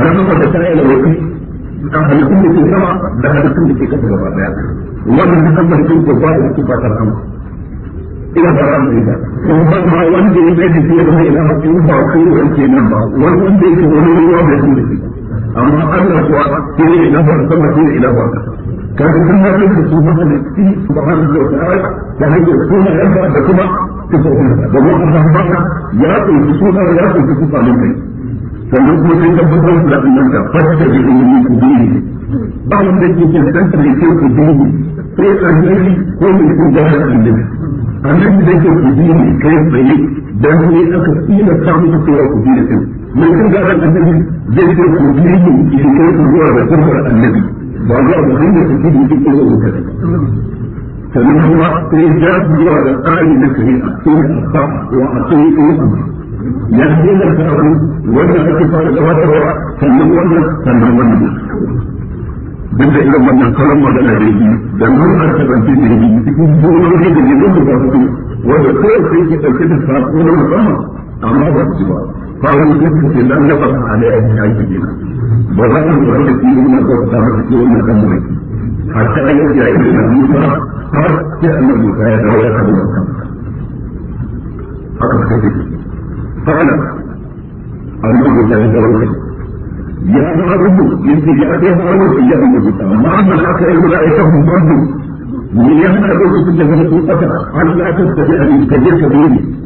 rahama da ta yana wani a halittun da ke sama da halittun da ke kasa gaba daya wannan da tabbata kun ko ba da sifa ta rama ina da rama ita kuma ba ma wanda ya zai da shi da ina ba in ba kai kenan ba wani wanda yake wani ruwa da shi amma Allah kuwa shi ne ilahu sama shi ne ilahu kasa kafin sun ma da su ma da shi subhanahu wa ta'ala da hanyar suna yarda da kuma tafiyar da kuma Allah ya tsoyi suna ya tsoyi sufalin kai sannan kuma sun tabbatar da annan ta fata da ilimin kubiri ba da ke kan tantar da ke kubiri sai tsanani ko mai kuga da annabi annabi da ke kubiri kai tsaye dan ne aka tsira samun kuwa kubiri din mai cin gaban annabi zai ce ku jirgi shi kai ku zuwa da kurkur annabi ba zuwa da hanyar su kidi shi ko ku kada sannan kuma sai ya zuwa da tsari na shari'a sai ka wa a sai ku ya ce da ka wannan ake fara gabatarwa sannan da irin wannan kalan magana da yi da mun an tabbace da yi cikin gonar da yi da ba wanda kawai sai ke ɗauke da sako na musamman amma ba su ba فهو يثبت لم يقف على أهل عيدنا وغير ذلك من الغرفة يوم الأمر حتى يرجع إلى موسى قد تأمر موسى ويذهب إلى السماء قال أمر لا يدرك يا رب التجاهها وإياه موسى ما منعك أولئك هم رب من يمنع بك الجنة ألا تستطيع أن تجد سبيلي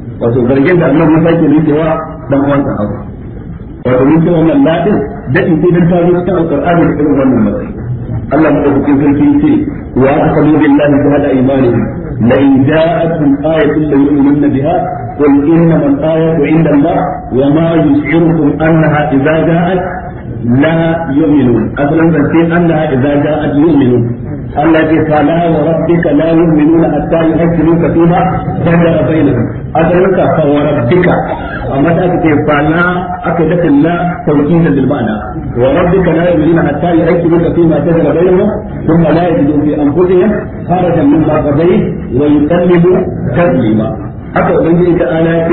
wato zargin da annabi Musa ke nake wa dan uwan sa Harun wato mun ce wannan ladin dadi sai dan tarihi cikin alqur'ani da irin wannan matsayi Allah madaukakin sarki ce wa aqsamu billahi shahada imanihim la in ja'atkum ayatun la yu'minuna biha qul innama al-ayatu 'inda Allah wa ma yus'irukum annaha idza ja'at la yu'minun aslan zance annaha idza ja'at yu'minun الذي قالها وربك لا يؤمنون حتى يحكموك فيما شجر بينهم أدرك فوربك أما تأتي فلا أكدت الله توكيدا للمعنى وربك لا يؤمنون حتى يحكموك فيما شجر بينهم ثم لا يجدوا في أنفسهم حرجا مما قضيت ويكلموا تكليما haka ubangiji ta ala ya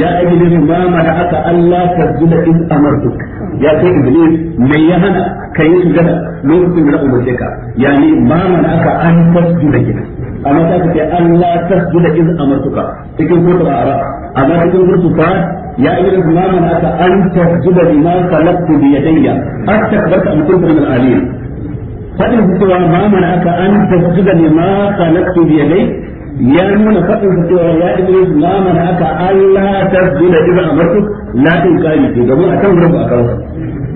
ya iblis ma mana aka Allah ta zuba in amartuk ya kai iblis mai ya hana su sujada lokacin da rabu mace ka ni ma mana aka an da. A amma ta ce Allah zuba in amartuka cikin kotu a ara amma cikin kotu fa ya iblis ma mana aka an tasjuda lima khalaqtu bi yadayya astakbarta am kunta min al aliyu fadin cewa ma mana aka an ka lafi da ya yadayya ya nuna faɗin su cewa ya iblis na mana aka Allah ta zuwa idan a masu latin kari ke domin kan wurin ba kawo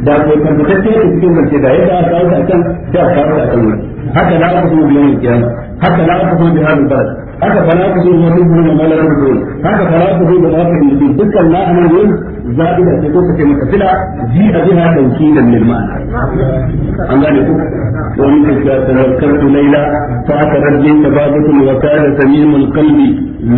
da ko tabbatacce da cikin mace da yadda aka kawo kan da kawo kan wurin haka la aka kuma biyan kiyama haka la aka kuma biyan balad haka fara ku zo wani gurin da malar rubu haka fara ku zo da wata inda dukkan la anan yin zabi da ko kace maka fila ji a jiha dauki da lil ma'ana an gane ku to ni ke ta tazakkartu laila ta aka rajin tabaqatul wa kana samimul qalbi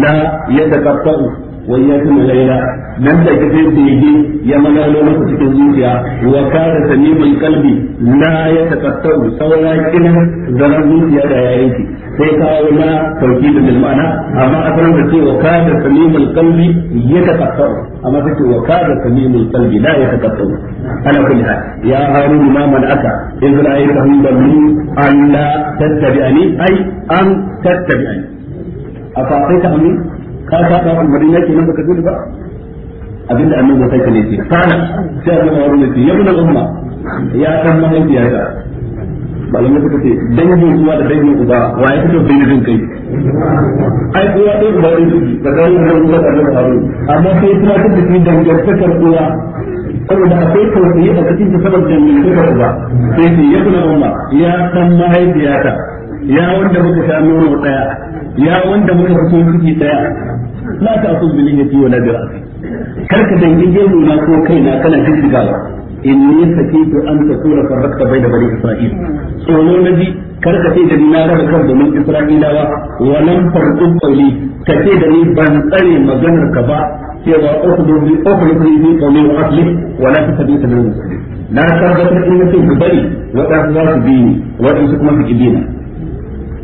la yataqatta'u wai ya tuna laila nan da ke sai bege ya malalo masa cikin zuciya wa kare sanimin kalbi na ya taqattau saura kin zaran zuciya da yayin ki sai kawo na sauki da bil amma a sanar da ce wa kare sanimin kalbi ya taqattau amma sai ce wa kare sanimin kalbi la ya taqattau ana kulli hal ya harun ma man aka in zira ayyuka hum an la tattabi'ani ai an tattabi'ani a sai ta amin ka ka ta baka ba abinda annabi sai kana sai ya ya umma ya san mahaifiya ta suka ce uwa da dangin uba bai kai ai uwa uba da amma sai da shi saboda akwai tausayi a cikin ta saboda uba sai ce ya umma ya san mahaifiyata ya wanda muka sha nono daya ya wanda muka fito ciki daya la ta akhudh bi lihiyati wa la bi ra'si kar ka dangin gemu na ko kaina kana jijjigawa inni sakitu an takuna farraqta bayna bani isra'il tsoro na ji kar ka ce da ni na raba kan domin isra'ilawa wa lam farqu qawli ka ce da ni ban tsare maganar ka ba wa ukhdu bi ukhdu bi qawli wa asli wa la tasabi ta na tabbatar in mutum ku bari wa dan za su bi ni wa dan su kuma su kibina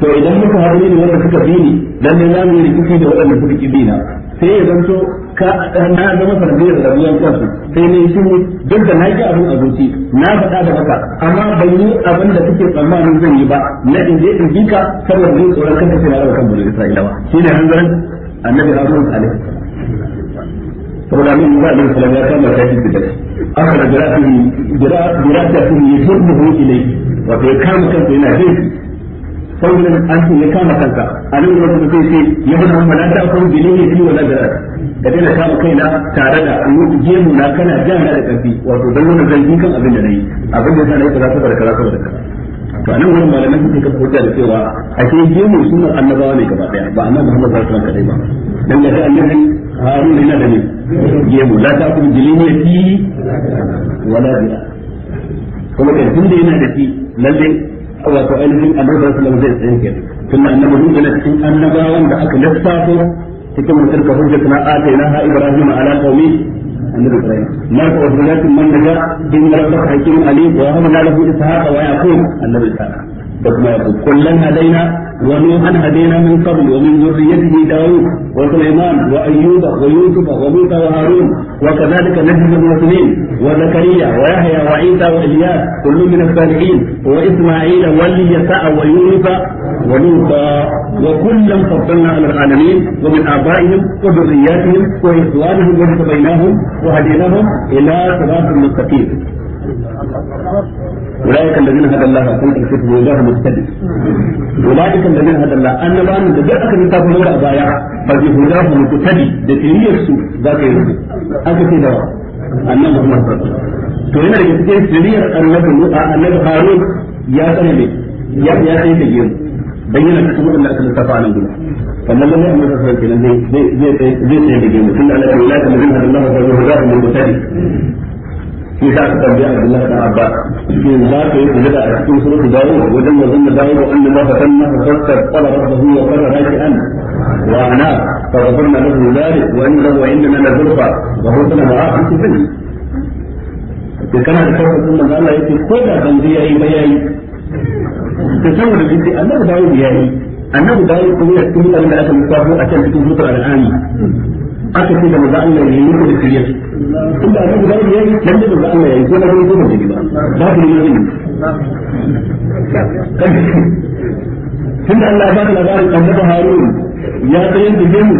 to idan muka haɗu ne wanda suka bi ni dan ne za mu yi rikici da waɗanda suka ki bi na sai ya zanto ka na zama da rabuwan kansu sai ne shi duk da na ji abin a zuci na faɗa da haka amma ban yi abin da kake tsammanin zan yi ba na in je in bi ka saboda zai tsoron kanka sai na raba kan bulu Isra'ilawa shine hanzarin annabi Harun alaihi saboda annabi Musa da salam ya kama kai da aka da jira'atihi jira'atihi yatubbu ilayhi wato ya kama kansa yana jin saboda an ce ya kama kanka a nan wurin kuma sai sai ya hana mu da ta kuma bilin ne fi wala gara ka dena kama kaina tare da gemu na kana jana da karfi wato dan wannan zan kan abin da nayi abin da sai nayi kaza saboda kaza saboda kaza to anan wurin malamai suke kafa hujja da cewa a ce gemu sunan annabawa ne gaba daya ba annabi Muhammad sallallahu alaihi wasallam kadai ba dan da annabi Harun yana da ne gemu la ta kuma ne fi wala gara kuma kan da yana da shi lalle wato ainihin annabi sallallahu alaihi wasallam zai tsaye kenan annabi mun yana cikin annabawan da aka lissafo cikin mutum ka na atainaha ibrahima ala qaumi النبي إبراهيم ما فعل من نجا إن ko حكيم عليم وهب له wa ويعقوب النبي إسحاق لكم يقول كلا هدينا ونوحا هدينا من قبل ومن ذريته داوود وسليمان وايوب ويوسف وموسى وهارون وكذلك نجد المرسلين وزكريا ويحيى وعيسى والياس كل من الصالحين واسماعيل واليساء ويونس ولوطا وكلا فضلنا على العالمين ومن ابائهم وذرياتهم واخوانهم واجتبيناهم وهديناهم الى صراط مستقيم أولئك الذين هدى الله أقول أكسفه وإله مستدد أولئك الذين هدى الله أن بأن من كان يتاب مورا بايع فجه وإله مستدد دتيري السوء ذاك يرسو أكسي دواء أنه محمد صلى الله عليه وسلم تولينا لجسدين سرير أنه هارون يا سنبي يا يا سيدي يوم bayyana ta kuma Allah ta lissafa a nan gudu sannan lalle amma sai kenan zai zai zai zai da gemu tunda Allah ya lada mun Allah da zuwa da mun mutadi shi za ka da Abba shi za ka yi kuma a cikin surutu dawo wajen da dawo da masa sanna ka sarka wa wa ana wa fi kana da kawai Allah yake ko da ban zai yayi ba yayi Allah dawo yayi dawo kuma ya cikin da aka musafo a can cikin surutu al'ani aka ce da maza Allah ya yi da kiriyar inda aka guda ya yi lalle da maza Allah ya yi ko na gani ko mace ba ba ku ne yin tunda Allah ya baka labarin annabi Harun ya tsayar da gemu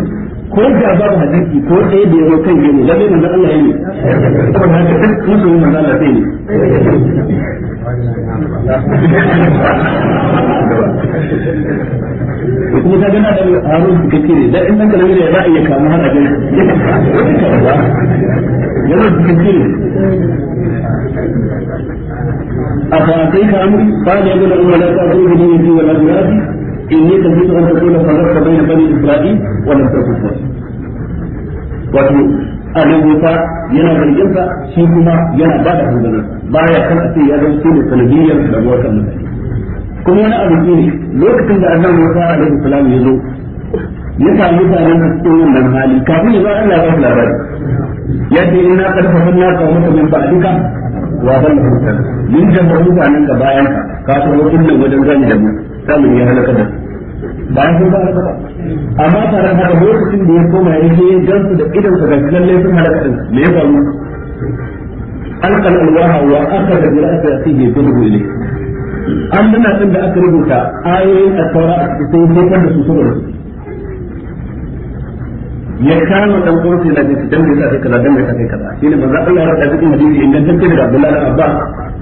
ko da babu hadisi ko ɗaya kan gemu maza Allah saboda haka sai ne kuma ta gana da harun da ne da in nan kalmi ya za a iya kamu har a gani yana kake ne a fatai ka ba da yadda da umar da ta zo da ne ji wala jirafi in ne kan fito an ta kula farraka bayan bani isra'i wannan ta kusa wato a rubuta yana zargin sa shi kuma yana ba da hanzarin baya kan ake ya zama shi ne sanadiyyar da wata mutane kuma wani abu ne lokacin da annabi Musa alaihi salam ya zo ya samu mutanen da cikin wannan hali kafin ya zo Allah ya ba labari ya ce inna qad ka mutum min ba'dika wa dallahu mutum min jama'a mutanen ka bayan ka ka tabo inna wajen gani da mu samun ya halaka da bayan sun ba ba amma tare da lokacin da ya koma ya je gansu da idan ka ga lalle sun halaka din me ya faru alqal alwaha wa akhadha bi ra'si akhihi yadrubu ilayhi an nuna din da aka rubuta ayoyin at-taura a cikin da su saboda ya kama dan kursi na jiki dan da sai kaza dan da sai kaza shine manzo Allah ya rada cikin hadisi ingantacce da Abdullah bin Abbas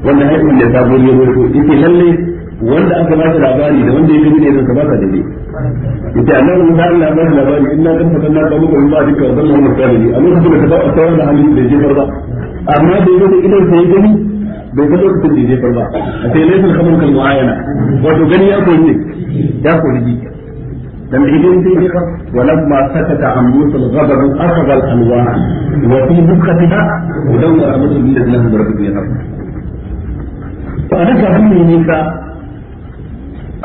wanda haifin da sabo ya ko yake lalle wanda aka ba shi labari da wanda ya gani ne zan ba ta daidai yace annabi Musa Allah ba shi labari inna kan fatanna qawmuka min ba'dika wa a lokacin da ka ba a tsawon da halin da jefar ba amma bai zo da idan sai gani bai zo lokacin da zai ba. a sai laifin kamar kan mu'ayana wato gani ya koyi ne ya koyi ji dan idan sai ya ka walamma sakata an musul ghadab akhadha al alwa wa fi bukhatiha mudawwar amsu bil ladina hum rabbil alamin fa ana ka hanni ne ka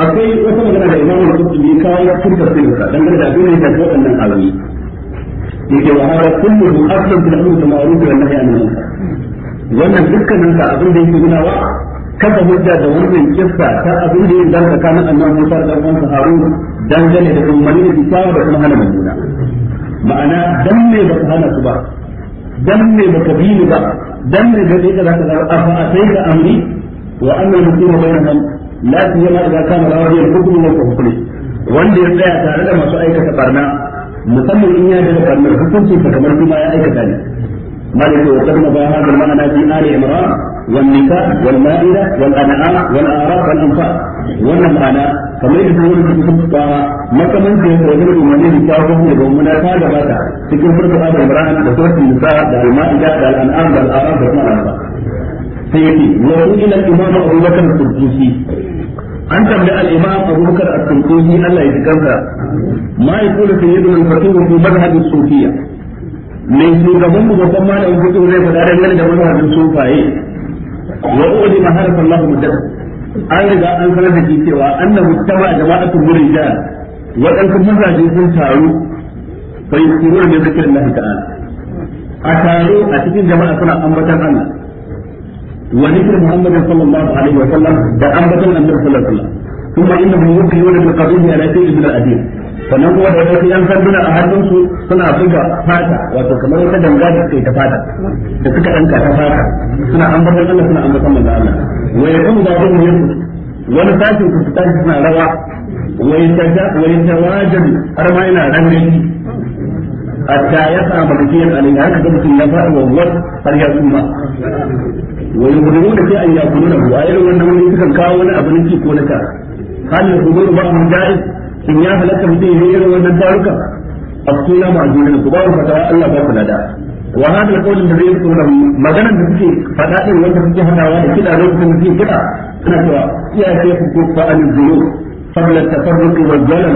akwai wata magana da imamu al-qurtubi kawo ya furta sai ka dangane da abin da ya shafi waɗannan alawi yake wa hada kullu aslun fil amri bil ma'ruf wa nahyi anil munkar wannan dukkanin sa abin da yake nuna wa kafa hujja da wannan kissa ta abin da yake dan tsakanin annabi Musa da ɗan Harun dangane da umarni da kitabu da kuma hana manzuna ma'ana dan me ba ka hana su ba dan me ba ka bi ba dan me ba dai da ka afa sai ka amri wa anna al-hukuma bainahum la siyama idza kana rawi al-hukmu wa hukmi wanda ya tsaya tare da masu aikata barna musamman in ya da barnar hukunci kamar kuma ya aikata ne مالك وقدم هذا المعنى في آل عمران والنساء والمائدة والأنعام والأعراف والأنفال wannan kamar yadda wani da cikin tsara makamancin wajen umarni da kyawun da gwamna ta gabata cikin farko da imran da suratul nisa da al-ma'ida da al-an'am da al-araf da kuma al-anfa sai yake wa ila al-imam Abu Bakar al-Qurtusi an tambayi al-imam Abu Bakar al Allah ya ma fatih fi madhhab mai shugaban mu babban malamin fiqh zai faɗa dangane da mazhabin sufaye wa udi maharif Allah mudda an riga an sanar da shi cewa annahu tama jama'atun murijal waɗansu mazaje sun taru bai sirru ne zikirin Allah ta'ala a taru a cikin jama'a suna ambatan Allah wa zikr Muhammad sallallahu alaihi wa sallam da ambatan Annabi sallallahu alaihi wa sallam kuma innahu yuqiyuna bil qadiyya ala shay'in min al-adin sannan kuma da wasu yan sanduna a hannunsu suna buga fata wato kamar wata danga da suka yi ta fata da suka danka ta fata suna ambatan Allah suna ambatan manzo Allah wa kun da ruhu yasu wani sashin ku su tashi suna rawa wa yataja wa yatawajan har ma ina ranne hatta ya sa bakiyar alai haka da mutum ya fara wawwar har ya tsuma wa yuhrimu da sai an yakulu da wa irin wannan wani sukan kawo wani ki ko na ta hal yuhrimu ba min da'i in ya halatta mutum ya yi irin wannan tarukan a suna ma azurin ku ba ku fatawa Allah ba ku nada wa hada alqawlin da zai tsora maganar da kuke fada din wanda kuke hadawa da kida lokacin da kuke kida suna cewa ya shaykhu ku fa an zuru qabla tafarruq wa jalan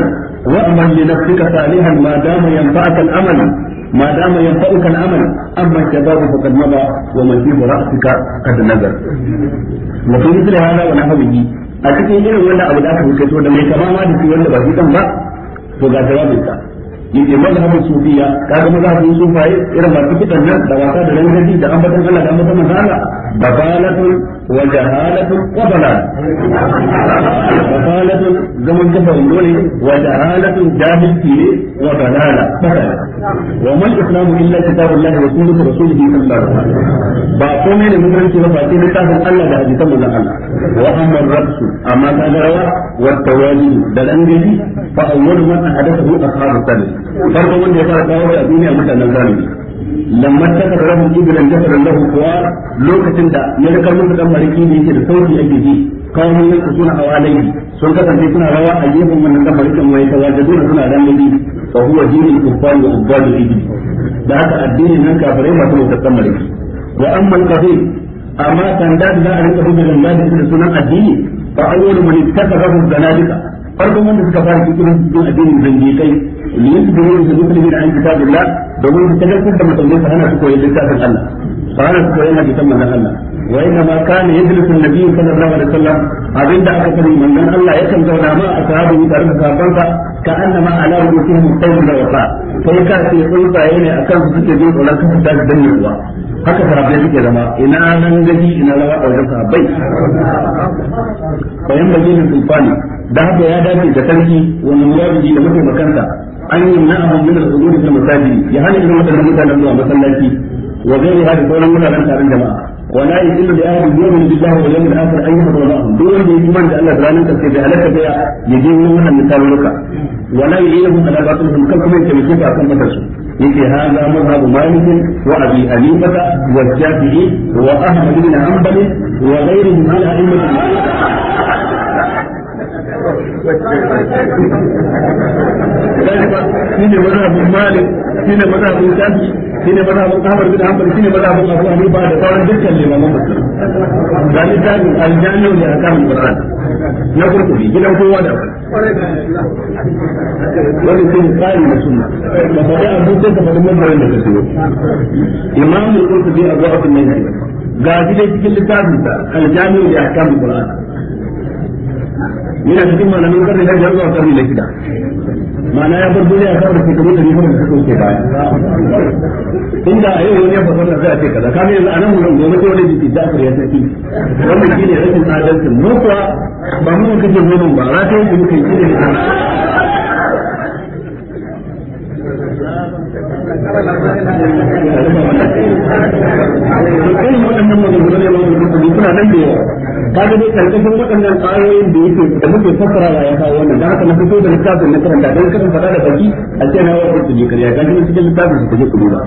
wa amal li nafsika salihan ma dama yanfa'aka al-amal ما دام ينفعك الامل اما الشباب فقد مضى ومن في راسك قد نزل وفي مثل هذا ونحوه a cikin irin wannan abu da aka wuce wanda da mai kama ma da shi wanda ba shi kan ba to ga jawabin sa yake mazhabin sufiya kaga sun sufaye irin masu fitan nan da wasa da rangaji da ambatan Allah da ambatan manzo ba ba balatun وجهالة قبلا وقالة زمن جفر دوني وجهالة جاهل فيه وضلالة وما الإسلام إلا كتاب الله ورسوله رسوله صلى الله عليه وسلم باقومي لمدرن كيف فاتين كتاب الله ده حديثا من الله وأما الرأس أما تجروا والتوالي بل أنجلي فأول من أحدثه أصحاب السنة فرقوا من يفعل قوة الدنيا مثل الظالمين lamma ta ka rabu ibran jafaran lahu kuwa lokacin da ya rikar mun dan mariki ne yake da sauki ake ji kawai yin suna hawalai sun kasance suna rawa a gefen wannan dan marikin wai tawajjuduna suna ramadi fa huwa dinul kuffar wa ubadul ibil da haka addinin nan kafirai masu mutattan mariki wa amma al-qabil amma kan da za a rinka buga lamba da sunan addini fa awwalu man ittafaqa zanadika farkon wanda suka fara kikiro cikin addinin zange kai liyan da yin su da an kitabillah domin su tagarkar da musulmi su hana su koyi littafin Allah su hana su koyi hadisan manzon Allah wa inna ma kana yajlisu an-nabiy sallallahu alaihi wasallam abinda aka sani manzon Allah yakan zauna ma a sahabi tare da sahabbansa ka annama ala rusuhum tawla wa fa kai ka ce tsuntsaye ne akan su suke jin tsoron kan su tashi haka sahabbai suke zama ina nan gaji ina rawa a wajen sahabbai bayan bagilin sulfani da haka ya dace da sarki wani murabiji da mataimakansa an yi na'amun min al-udud fil masajid ya hana irin wadannan mutanen zuwa masallaci wa gairi hada sauran mutanen taron jama'a ولا يحل لأحد يؤمن بالله واليوم الآخر أن يحضر معهم دون يؤمن بأن فلان أنت في ذلك فيها يجيب منها مثال لك ولا يعينهم على باطلهم كم كما يتمسك عن مدرسه يجي هذا مذهب مالك وابي حنيفه والشافعي واحمد بن حنبل وغيرهم من ائمه ذلك مذهب طيب، مالك shine mazhabin shafi shine mazhabin ahmad bin hanbal shine mazhabin abu hanifa da sauran dukkan limaman musulmi ga littafin aljami'u ne akan qur'an na kurkuri gidan kowa da wani sun tsari da sunna da faɗi abu sai ka mabarin da kake imamul kurkuri abu abin nan ga gidan cikin littafin sa aljami'u ne akan qur'an yana cikin malamin karni da ya zuwa karni na shida mana ya bar duniya kawai da kamar da rihar da suka wuce baya inda a yau wani ya faɗa wannan a ce kaza kamar yanzu a nan wurin gobe ko wani jiki jafar ya saki wannan shi ne rashin adalci mu kuwa ba mu muka je gurin ba ratayin da muka yi shi ne kuma waɗannan maganganun ne ma wani suna nan da yawa kaga dai karkashin waɗannan ƙayoyin da yake da muke fassara da ya kawo wannan da haka na fito da littafin na karanta dan kasan fada da baki a ce na wa ku je kariya ga cikin cikin littafin su kuje ku duba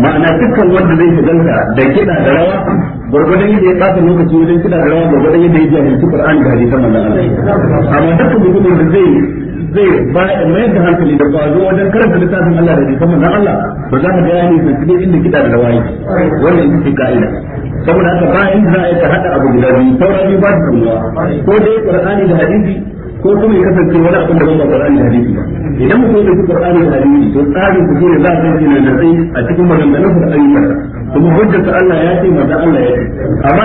ma'ana dukkan wanda zai shiganta da kiɗa da rawa gurgurdan yadda ya kasa lokaci wajen kiɗa da rawa gurgurdan yadda ya jahilci Qur'ani da hadisan manzon Allah amma dukkan mutumin da zai zai mai da hankali da kwazo wajen karanta littafin Allah da jikin manzon Allah ba za ka ga yayi sai dai inda kida da rawayi wannan ita ce ka'ida saboda haka ba za a yi ka hada abu guda biyu sauran biyu ba su ruwa ko dai qur'ani da hadisi ko kuma ya kasance wani abin da ba qur'ani da hadisi ba idan mutum ya yi qur'ani da hadisi to tsarin ku ne za a san shi ne da sai a cikin maganganun da ayyukan kuma hujjar ta Allah ya ce manzon Allah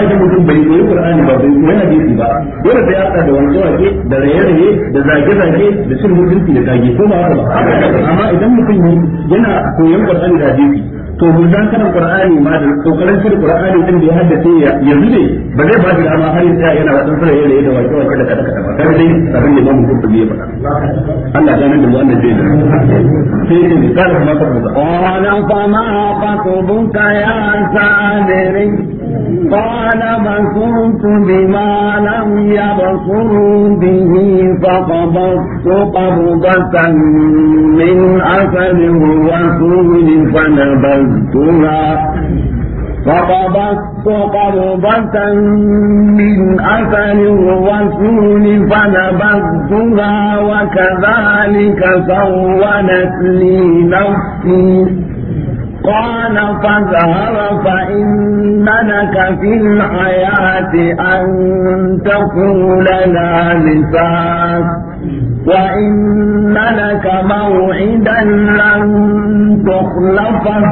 ya ce amma idan mutum bai koyi Qur'ani ba bai koyi hadisi ba dole sai ya hada da wani wake da raye da zage-zage da cin mutunci da zage ko ba haka ba amma idan mutum yana koyon Qur'ani da hadisi to muzakaran qur'ani ma da kokarin shi qur'ani din da ya haddace ya yanzu ne ba zai ba shi dama har ya yana wasan fara yayin da wake wake da kada kada ba sai dai abin da mamu kuma biye ba Allah ya nan da wannan dai da sai ne da misali ma ka rubuta qala fa ma qatubuka ya sa'adri قال بصرت بما لم يبصروا به فقبضت قبضة من أثر الرسول فنبذتها فقبضت قبضة من أثر الرسول فنبذتها وكذلك سولت لي نفسي قال فاذهب فإن لك في الحياة أن تقول لا مساس وإن لك موعدا لن تخلفه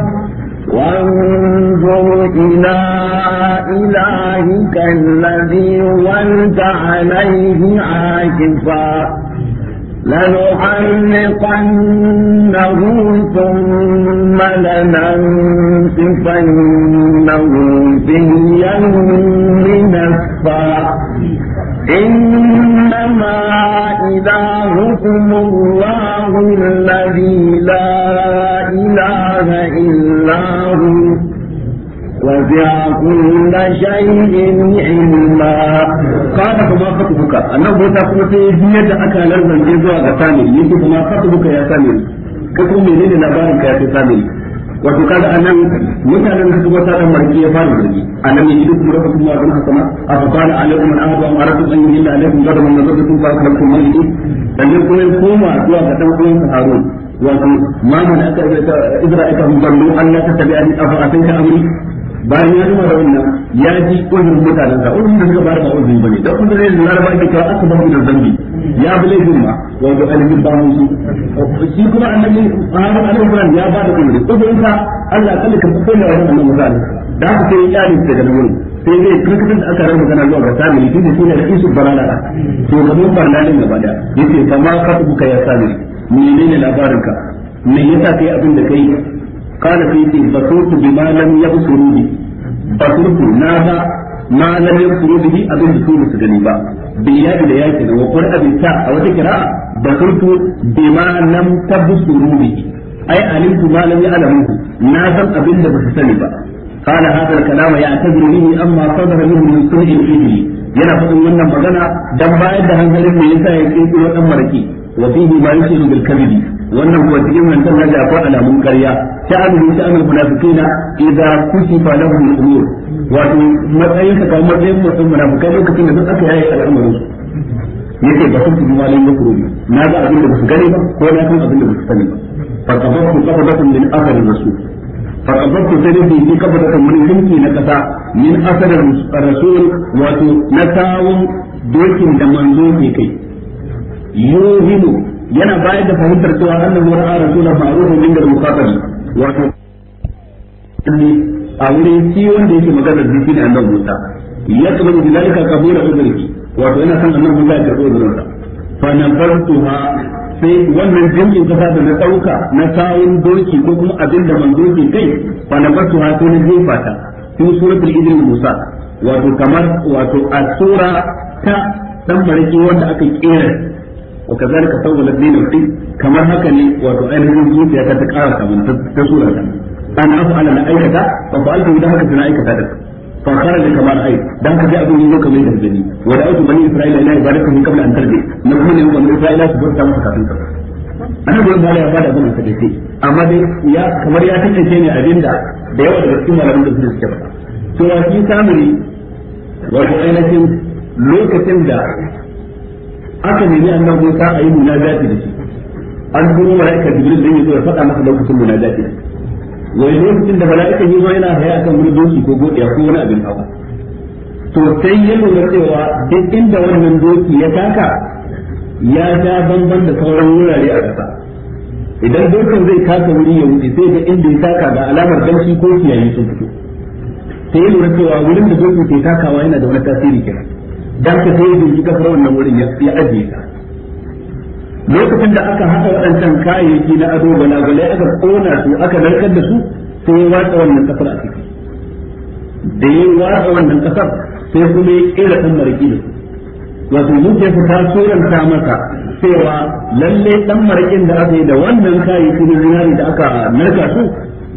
وانظر إلى إلهك الذي ولت عليه عاكفا لنعلقنه ثم لننسفنه في اليم نسفا إنما إلهكم الله الذي لا وسع كل شيء علما قال فما خطبك بوتا خطبك يا يا wato anan mutanen da suka tsara marki ya fara zargi anan ne duk mura ka kuma don haka ma afqala alaikum an ahadu an dan ne koma zuwa ga dan uwan wato ma aka idra afa amri bayan ya gama wannan ya ji mutanen sa da suka bayar ba da zai ba ake kawo aka ba mu da zambi ya bi laifin ma wato alimin ba mu shi kuma annabi sahabu alaihi ya ba da uzuri sa Allah ya kai da wannan annabi mutane da aka sai ya ne daga sai kirkirin da aka rabu kana zuwa ga samiri tun shi ne da isu barana to gaban barnanin gaba da ka ya menene me yasa kai abin da kai قال سيدي بصرت بما لم يبصروا basurku na ba ma lam da bihi abin da su su gani ba bi ya da ya da wa abin ta a wata kira basurku bi ma nan lam tabsuru bihi ai alimtu ma lam ya'lamu na san abin da ba su sani ba ta هذا الكلام يعتبر به اما صدر منه من سوء الحجر yana faɗin wannan magana dan bayar da hankalin mai yasa ya kirkiro dan maraki wa fihi ma yusiru bil wannan kuwa cikin mantan na da akwai alamun ƙarya sha'anu sha'anul munafiqina idza kusifa lahum al-umur wato matsayin ka kamar matsayin mutum munafikai lokacin da duk aka yaye al'amarin su yake ba su kuma malin makruhi na ga abin da ba su gani ba ko na san abin da ba su sani ba fa qabatu qabatan min athari rasul fa qabatu sanin bi qabatan min hinki na kasa min athari rasul wato na tawun dokin da manzo ke kai yuhinu yana bayar da fahimtar cewa annabi ra'a rasulullah ma'rufu min da muqaddam wato a wuri shi wanda yake magana da shi ne annabi Musa ya kuma da dalika kabura uzuri wato yana san annabi Musa ya karbi uzurin sa fa ha sai wannan jinkin kasa da na dauka na tawun doki ko kuma abin da man doki kai fa nabartuha sai na jefa ta cikin suratul idris Musa wato kamar wato a ta dan mariki wanda aka kera wa kazalika sawwalat li nafsi kamar haka ne wato ainihin zuciya ta ta ƙara samun ta sura ta an af'ala na aikata fa fa'altu da haka aikata da fa kharaja kama ra'ay dan ka ga abin yau kamar da gani wa da'utu bani isra'ila ila ibadatihi qabla an tarbi na kuma ne bani isra'ila su bauta masa kafin ka ana gurin bala ya bada abin da take amma dai ya kamar ya tace ne abinda da yawa daga cikin malaman da suke faɗa to ya fi samuri wato ainihin lokacin da aka nemi annan Musa a yi munajati da shi an dubo mala'ika Jibril da yi ya faɗa masa lokacin munajati da shi wai lokacin da mala'ika yi zuwa yana haya kan wani doki ko godiya ko wani abin hawa to sai ya lura cewa duk inda wannan doki ya taka ya ta banban da sauran wurare a ƙasa idan dokin zai taka wuri ya wuce sai ga inda ya taka ga alamar danshi ko kiyaye sun fito sai ya lura cewa wurin da dokin ke takawa yana da wani tasiri kenan da ka sai da ka fara wannan wurin ya ajiye ta lokacin da aka haɗa waɗancan kayayyaki na ado gwalagwalai aka kona su aka narkar da su sai ya watsa wannan kasar a ciki da ya watsa wannan kasar sai kuma ya kera ɗan maraƙi da su wato zuciyarsa ta suranta masa cewa lalle ɗan maraƙin da aka yi da wannan kayayyaki na zinari da aka narka su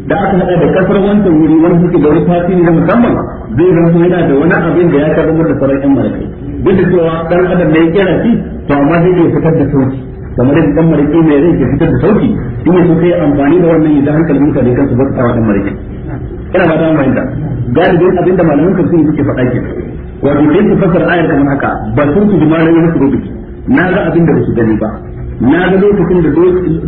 da aka haɗa da kasar wancan wuri wani suke da wani fasiri na musamman zai zanto yana da wani abin da ya kaddamar da sauran yan maraƙi duk da cewa dan adam da ya kera shi to amma zai iya fitar da sauki kamar yadda dan maraƙi mai rai ke fitar da sauki in ya so kai amfani da wannan yadda da hankalin mutane kansu ba su tsawa dan maraƙi ina ba ta fahimta galibin abin da malamin kan sun suke faɗa ke wato sai su fasar ayar kamar haka ba sun su jimalai wani su rubuci na ga abin da ba su gani ba na ga lokacin da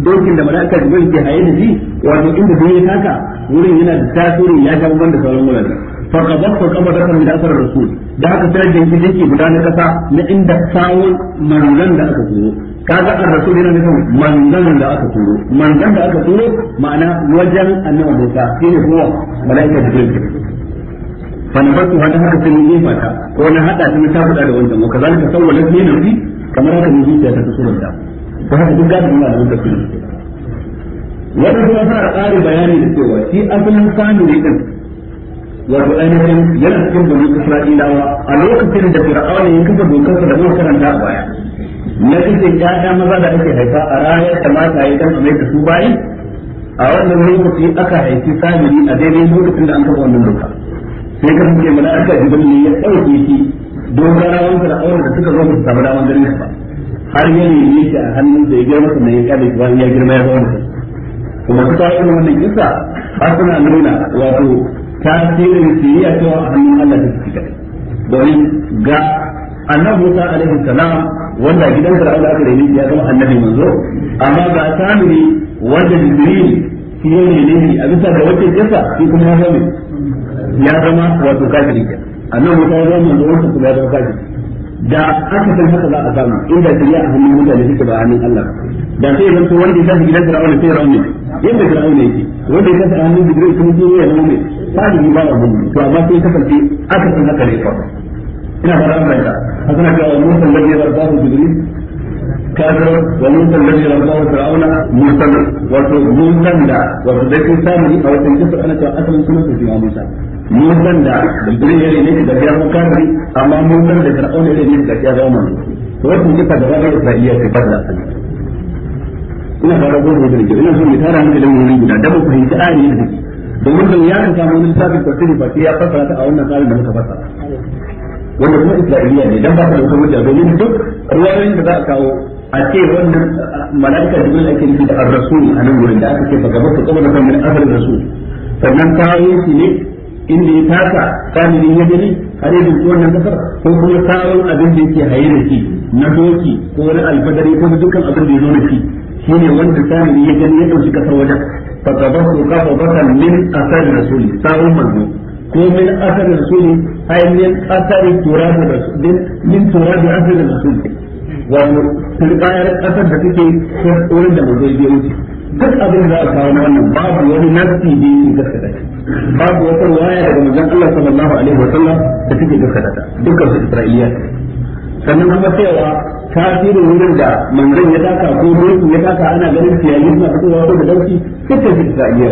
dokin da malaka jibril ke haye da shi wato inda yi taka wurin yana da tasiri ya ga da sauran wuraren fa qabattu qabatan min asar rasul da haka sai jinki jinki guda na kasa na inda kawun manzon da aka turo kaga ar-rasul yana nufin manzon da aka turo manzon da aka turo ma'ana wajen annabi Musa shine kuma malaika jibril fa nabartu hada haka sai mun yi fata ko na hada ta ta fada da wannan ko zalika sawwala fi nafsi kamar haka mun zuciya ta tsoron da ko haka duk gadin Allah da tafsiri wannan kuma fara ƙarin bayani da cewa shi asalin family din wato ainihin yana cikin bani isra'ilawa a lokacin da fir'auna ya kafa dokarsa da muka karanta a baya na kace ta maza da ake haifa a rayar da mata ya dan mai da su bayi a wannan lokaci aka haifi samiri a daidai lokacin da an kafa wannan doka sai ka mana aka ji ne ya dauke shi dogarawan fir'auna da suka zo su samu daman ganin ba har ya ne ta a hannun da ya girma ne ya kada bayan ya girma ya zama kuma su ta wannan kisa har suna nuna wato tasirin siriya cewa a hannun Allah ta suke kai domin ga annabi Musa alaihi salam wanda gidan Allah aka rene ya zama annabi manzo amma ga Samiri wanda Jibril shi ne ne a bisa ga wacce kisa shi kuma ya zama ya zama wato kafiri annabi Musa ya zama manzo wanda kuma ya zama kafiri da aka san haka za a samu inda shari'a a hannun mutane suke ba hannun Allah da sai zan zanto wanda ya tafi gidan Fir'auna sai Fir'auna yadda Fir'auna yake wanda ya tafi a hannun sun kuma ne ya zama mai salihi ba wa gudu to amma sai kasance aka san haka ne kawai ina fara ka wa da ya rabba wa da ya rabba Fir'auna wato da wato dai samu a wannan kisa ana ta asalin sunan Musa mun san da jibril ya rene shi da ya mu amma mun san da fir'auna ya rene shi da ya zama manzo to wannan ba da wani isra'iliya ce fadda ina ga rago da jirgin ina so mu tara hankalin mu wuri da mu fahimci ayoyin da domin ban ya kanta mun lissafin tafsiri ba ya fassara ta a wannan tsarin da muka fassara wanda kuma isra'iliya ne dan ba ta da wata hujja domin duk ruwayoyin da za a kawo a ce wannan mala'ika jibril ake nufi da ar-rasul a nan gurin da aka ce ba gaba ka kuma da kan min ar-rasul sannan ta yi ne inda ya taka kamilin ya gani har ya dinki wannan kasar ko kuma sabon abin da yake haye da shi na doki ko wani alfadari ko dukkan abin da ya zo da shi ne wanda kamilin ya gani ya dauki kasar wajen fatabasu kafabatan min asari rasuli sabon manzo ko min asari rasuli ai min asari turabi rasuli min turabi asari rasuli wato turbayar kasar da take wurin da manzo ya wuce duk abin da za a kawo wannan babu wani nasi da yake gaskata shi babu wata ruwaya daga manzon Allah sallallahu alaihi wa sallam da take duka ta dukkan su Isra'iliya sannan kuma cewa tasirin wurin da manzon ya daka ko mulki ya daka ana ganin ciyayi suna fitowa ko da dauki dukkan su Isra'iliya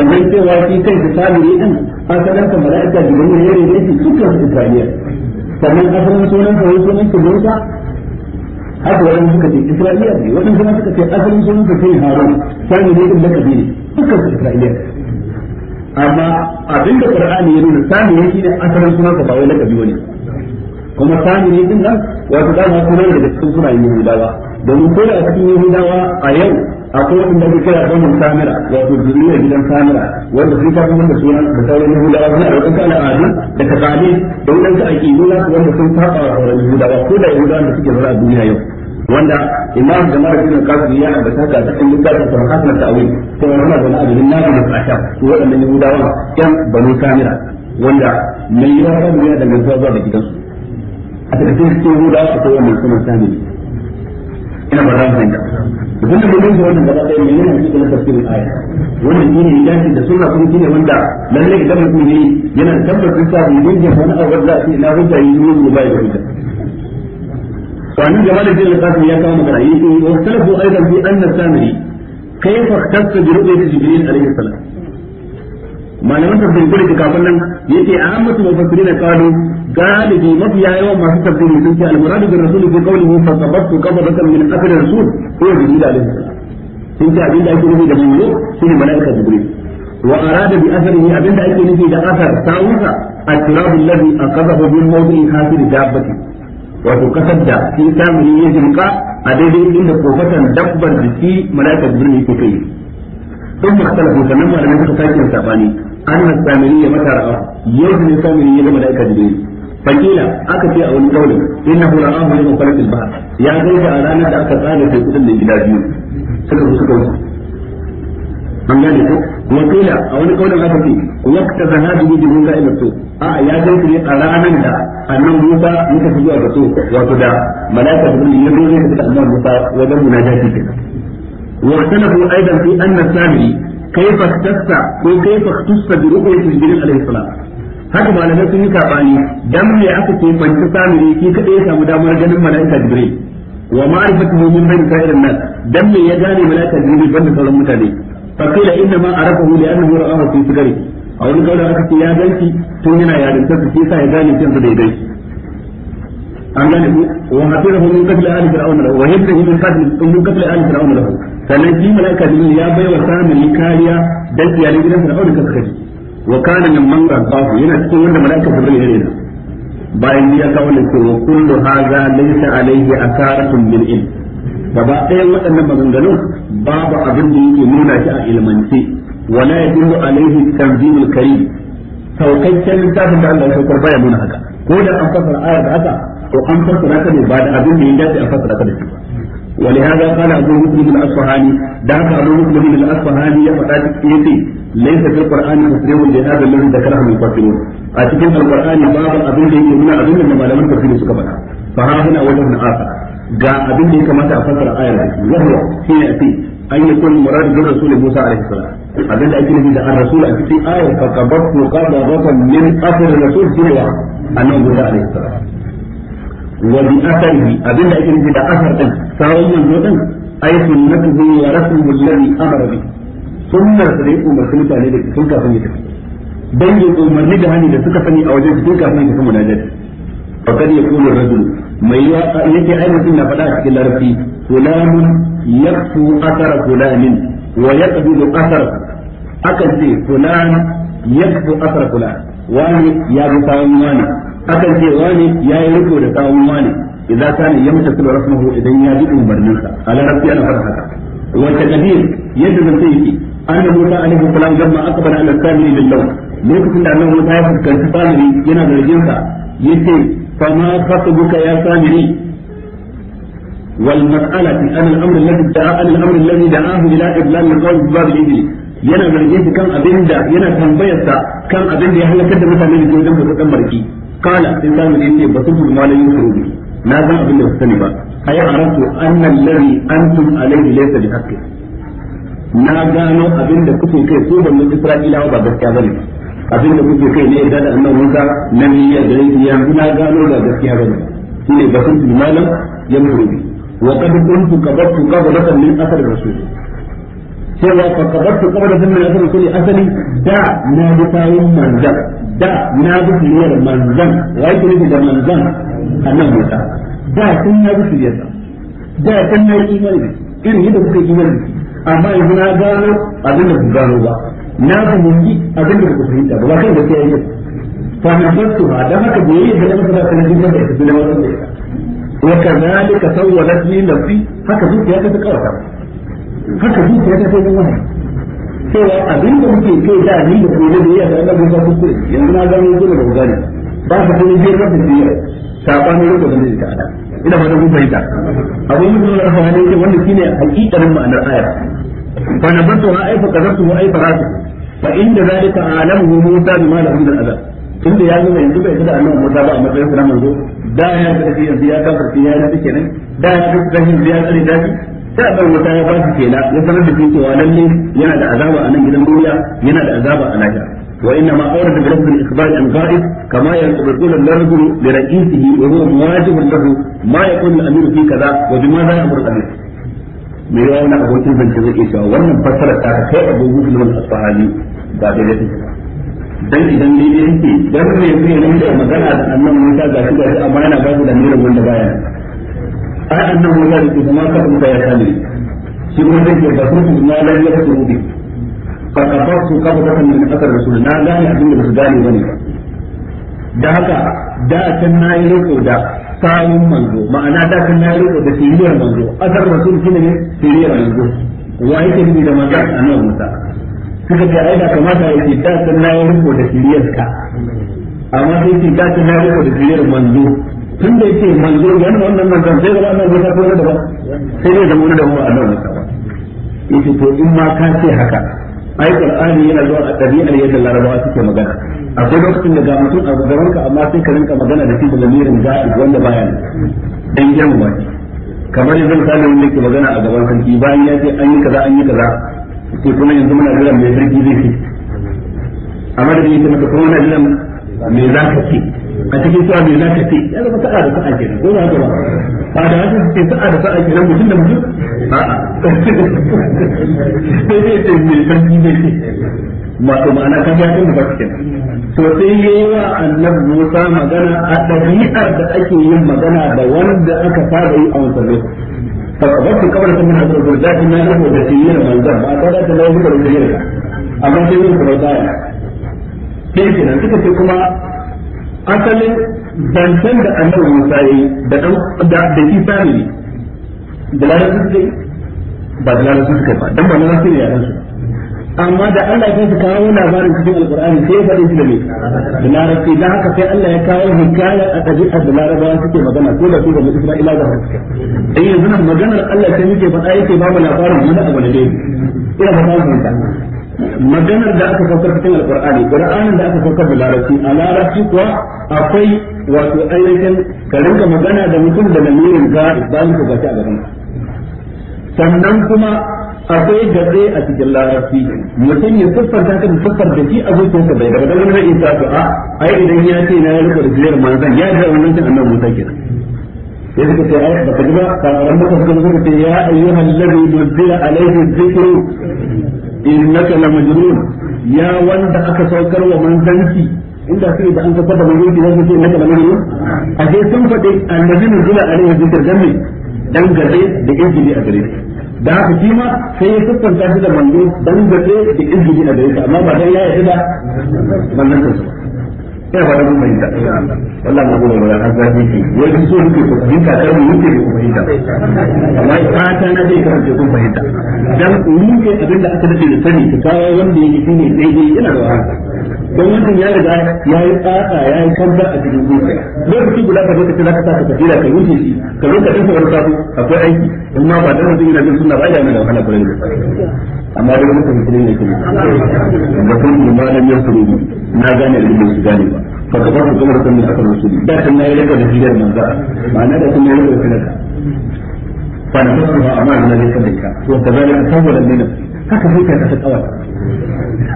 sannan cewa shi kai su sami ne din sanar ka mala'ika jibril ne yare ne dukkan su Isra'iliya sannan asalin sunan ka wani sunan ka Musa haka wadanda suka ce Isra'iliya ne kuma suka ce asalin sunan ka sai Harun sai ne din da kabiri dukkan su Isra'iliya amma abinda qur'ani ya nuna ne shine asalin sunan ka ba wai lakabi bane kuma saniya din nan wato da ma kuma daga cikin sunayen Yahudawa domin ko da a cikin Yahudawa a yau akwai wanda ake kira domin samira wato zuriyar gidan samira wanda sun ta kuma da sunan da sauran Yahudawa suna da wasu al'adu da kasali da wadansu aƙidu nasu wanda sun saba wa sauran Yahudawa ko da Yahudawa da suke zaune a duniya yau wanda imam da mara bin kasim ya ambata ga cikin littafin sa hasan ta'wil sai wannan da na abin nabi da asha su wadannan gudawa yan banu samira wanda mai yawa ne da mai zuwa da gidansu a cikin cikin yahudawa su koyi mai sunan samira ina ba ran fahimta da mun yi wannan gaba ɗaya mai yana cikin tafsirin aya wanda shine ne dace da suna sun shine wanda lalle idan mutum ne yana tabbatar da cewa mun yi wani abu da ina hujja yi mun ba da وعن جمال الدين القاسم يا كما قرأي واختلفوا أيضا في أن السامري كيف اختص برؤية جبريل عليه السلام malaman tafsirin kuri kafin nan yace ahammatu mufassirin qalu galibi mafiya yawan masu tafsiri sun ce al-muradu bi rasul fi qawlihi fa sabattu qabdatan min akhir rasul huwa jibril alayhi salam sun ce abinda ake nufi da manzo shine malaika jibril wa arada bi atharihi abinda ake nufi da athar sawunsa at-turab alladhi aqadahu bil mawdi'i wato kasar da shi samiri ya jirka a daidai inda kofatan dabbar da shi malaka jibril yake kai duk mukhtalafu sannan malamai suka sake yin sabani an na samiri ya mata ra'a yau samiri ya ga malaka jibril fakila aka ce a wani kauli innahu ra'ahu yawm falakil ba ya zai da a ranar da aka tsara sai kudin da gida biyu suka suka wuce an gane ko wa kila a wani kaulin haka ce waqta zahabi bi mun ga ila to a ya ga ne a ranar da annan Musa muka fi zuwa ga to wato da malaka Jibril ya zo ne da annan Musa wajen munajati kenan wa sanahu aidan fi anna sami kai tassa ko kai kaifa tassa bi ru'yati Jibril alaihi salam haka malamai sun yi sabani dan me aka ce fanci samiri ki kada ya samu damar ganin malaka Jibril wa ma'rifatuhu min bayn sa'irin nas dan me ya gane malaka Jibril banda sauran mutane fakila inna ma arafahu li annahu ra'ahu fi sigari a wani kaula aka ce ya ganci tun yana yarinta su shi sa ya gane kansa da ya ganci an gane ku wa hafizahu min qatl ali fir'auna lahu wa hibbahu min qatl min qatl ali fir'auna lahu sannan shi malaika jibril ya baiwa samun kariya dan iyalin gidan fir'auna kansa kaji wa kana min man yana cikin wanda malaika jibril ya bayan ya kawo ne ko kullu hadha gaba ɗayan waɗannan maganganun babu abin da yake nuna shi a ilmance wala yadullu alaihi tanzimul karim saukakken littafin da Allah ya saukar baya nuna haka ko da an fassara aya da haka to an fassara ta ne ba da abin da ya dace fassara ta da ولهذا قال أبو مسلم الأصفهاني دعك أبو مسلم الأصفهاني يفتح يتي ليس في القرآن تفسير لهذا الذي ذكره المفسرون أتكلم القرآن باب أبو لي من أبو لما لم تفسير سكبنا فها هنا وجه آخر ga abin da ya kamata a fassara ayar wahwa shine a ce an yi kun murad bin rasul Musa alaihi salam abin da ake nufi da ar-rasul a cikin ayar fa qabatu qadratan min asr rasul ne wa annabi Musa alaihi salam wa bi atharihi abin da ake nufi da asar din sawun yanzu din ay sunnatuhu wa rasuluhu alladhi amara bi sunnar da ya umarci mutane da sun kafin ya tafi dan ya umarni da hani da suka sani a wajen sun kafin ya tafi munajat fa kad yakulu ar-rajul mai yake ainihin na faɗa a cikin larabci fulanin yaktu asara fulanin wa yaqbilu asara akan ce fulan yaktu asara fulan wani ya bi sawun wani akan ce wani ya yi riko da sawun wani idza kana yamtasilu rasmuhu idan ya bi umarninsa a larabci ana faɗa haka wa taqdir yadda zan sai yake أن موسى عليه السلام لما أقبل على الثامن للون ليكن أن موسى يفكر الثامن ينادى الجنسة يسير فما خطبك يا سامري والمسألة أنا الأمر الذي دعا أنا الأمر الذي دعاه إلى إبلال القول بباب الإبل yana zargin shi kan abin da yana tambayar sa kan abin da ya halakar da mutane da ke wajen ba dan barki kala sai zamu ne ce ba su mu malai yusuru bi na san abin da ku sani ba ai aratu annal ladhi bi na gano abinda da kai ko Isra'ilawa ba gaskiya bane abin da kuke kai ne yadda da annan wanka na ni da gare ni yanzu na gano da gaskiya bane shine basun imanan ya murubi wa qad kuntu qabattu qablatan min athar rasul cewa fa qabattu qablatan min athar rasul asali da na bi kayan manzan da na bi siriyar manzan wa yake nufi da manzan annan musa da kun na bi siriyar da kun na imani irin yadda kuka imani amma yanzu na gano abin da ku gano ba na fahimci abin da ba ku fahimta ba ba kan da sai yake fa na da haka da yayi da masa da sanin da ita da wannan da wa kadhalika sawwalat li nafsi haka zuciya ta ta kawata haka zuciya ta ta wannan cewa abin da muke kai da ni da kuma da yayi da Allah ya ku kure yanzu na gano zuwa da gani ba ka kuma jin rabin jiya sabanin rubutun da ita ina ba da ku fahimta abin da Allah ya ce wannan shine hakikarin ma'anar ayar fa nabantu ai fa kazabtu ai ذلك rasu موسى بما zalika alamu Musa bima lahum tunda ya nuna yanzu bai da annabi Musa ba a matsayin sa manzo da ya da yanzu ya kafa shi ya nabi kenan da ya duk da shi ya tsare da shi sai annabi Musa ya ba shi kenan ya sanar da shi cewa yana da azaba a nan gidan duniya yana da azaba a lahira وإنما أورد بلفظ الإخبار عن غائب كما يقول الرجل لرئيسه وهو مواجب له ما يقول الأمير في كذا وبماذا يأمر الأمير me yawa wani abokin zance zai iya wannan fassara ta kai abubuwan da wani asfahani ba daidai take dan idan ne ne yake dan ne ne ne da magana da annan Musa ga shi ga shi amma yana ba shi da mirin wanda baya a annan Musa da ke kuma ka kuma ya kame shi kuma da ke da su na da ya su rubi fa ka ba su ka ba da kan da rasul na gane abin da su gane bane da haka da can nayi roko da kayan manzo ma'ana da kan na rubuta da siriyar manzo asar rasul shine ne siriyar manzo wa yake ni da manzo annabi Musa suka ce aida da ya yi da kan na rubuta da siriyar ka amma sai ce da kan na rubuta da siriyar manzo tun da yake manzo yana wannan manzon sai da annabi Musa ko da ba sai ne da mun da mu annabi Musa yake to in ma ka ce haka ai qur'ani yana zuwa a tabi'ar yadda larabawa suke magana akwai lokacin da ga mutum a gaban ka amma sai ka rinka magana da shi da lamirin ga'id wanda baya dan girmama shi kamar yanzu misali wanda ke magana a gaban sarki bayan ya ce an yi kaza an yi kaza sai kuma yanzu muna jiran mai sarki zai ce amma da yake maka kuma muna jiran mai za ka ce a cikin su'a mai zaka ce ya zama sa'a da sa'a kenan ko ba haka ba ba da haka ce sa'a da sa'a kenan mutum da mutum a'a sai dai ce mai sarki ne ce masu ma'ana kan ya tun ba kenan to sai yayi wa annabi Musa magana a ɗabi'ar da ake yin magana da wanda aka fara yi a wancan lokaci da قبل من هذا البلدات ما da ذاتيين من ذنب أعتقد لا يذكر asalin zancen da annabi Musa yi da dan da da Isa ne da su sai ba da su suka ba dan ba na su ne yaran su amma da Allah ya kawo labarin cikin alqur'ani sai ya faɗi shi da me da larabci da haka sai Allah ya kawo hikaya a tabi'ar da larabawa suke magana ko da su da Isra'ila da suke eh yanzu nan maganar Allah sai muke faɗa yake ba mu labarin wani abu da dai ina ba mu ta maganar da aka saukar cikin alqur'ani qur'anin da aka saukar da larabci a larabci kuwa akwai wato ayyukan ka rinka magana da mutum da lamirin ga'i bayan ka gaci a gaban sannan kuma akwai gabe a cikin larabci mutum ya siffanta ka da siffar da shi a zuciyarsa bai daga daga nan isa to a ah, ai idan ya ce na rika da jiyar manzon ya ga wannan din annabi Musa kenan sai suka ce ai baka ji ba ka ran mutum suka ce ya ayyuhal ladhi nuzila alayhi dhikru innaka la majnun ya wanda aka saukar wa manzanci inda sai da an ka fada manzanci zai ce innaka la majnun a sai sun fade annabi ne zuwa alaihi zikr dan me dan gare da izini a gare da haka shi ma sai ya siffanta shi da manzo dan gare da izini a gare amma ba dan ya yi da manzanci ba sai ba da mun fahimta wallah mu goma ba har zafi ce wai so ko ku fahimta kar mu yake ku fahimta amma fata na zai kasance kun fahimta dan ni ke abin da aka dace da sani ka kawo wanda yake shine daidai yana da don wannan ya riga ya yi tsaka ya yi kanta a cikin zuciya lokaci guda ka lokaci ka sa ka tafira ka wuce shi ka zo ka wani sabu akwai aiki amma ba dan mutum yana jin sunna ba ya yana da wahala gurin amma dai da kun imanin ne na gane da su gane ba fa ka kamar kan aka da kan nayi da manza ma'ana da kuma yau da fa na ba amma da ne kan ka to ne haka sai ka ta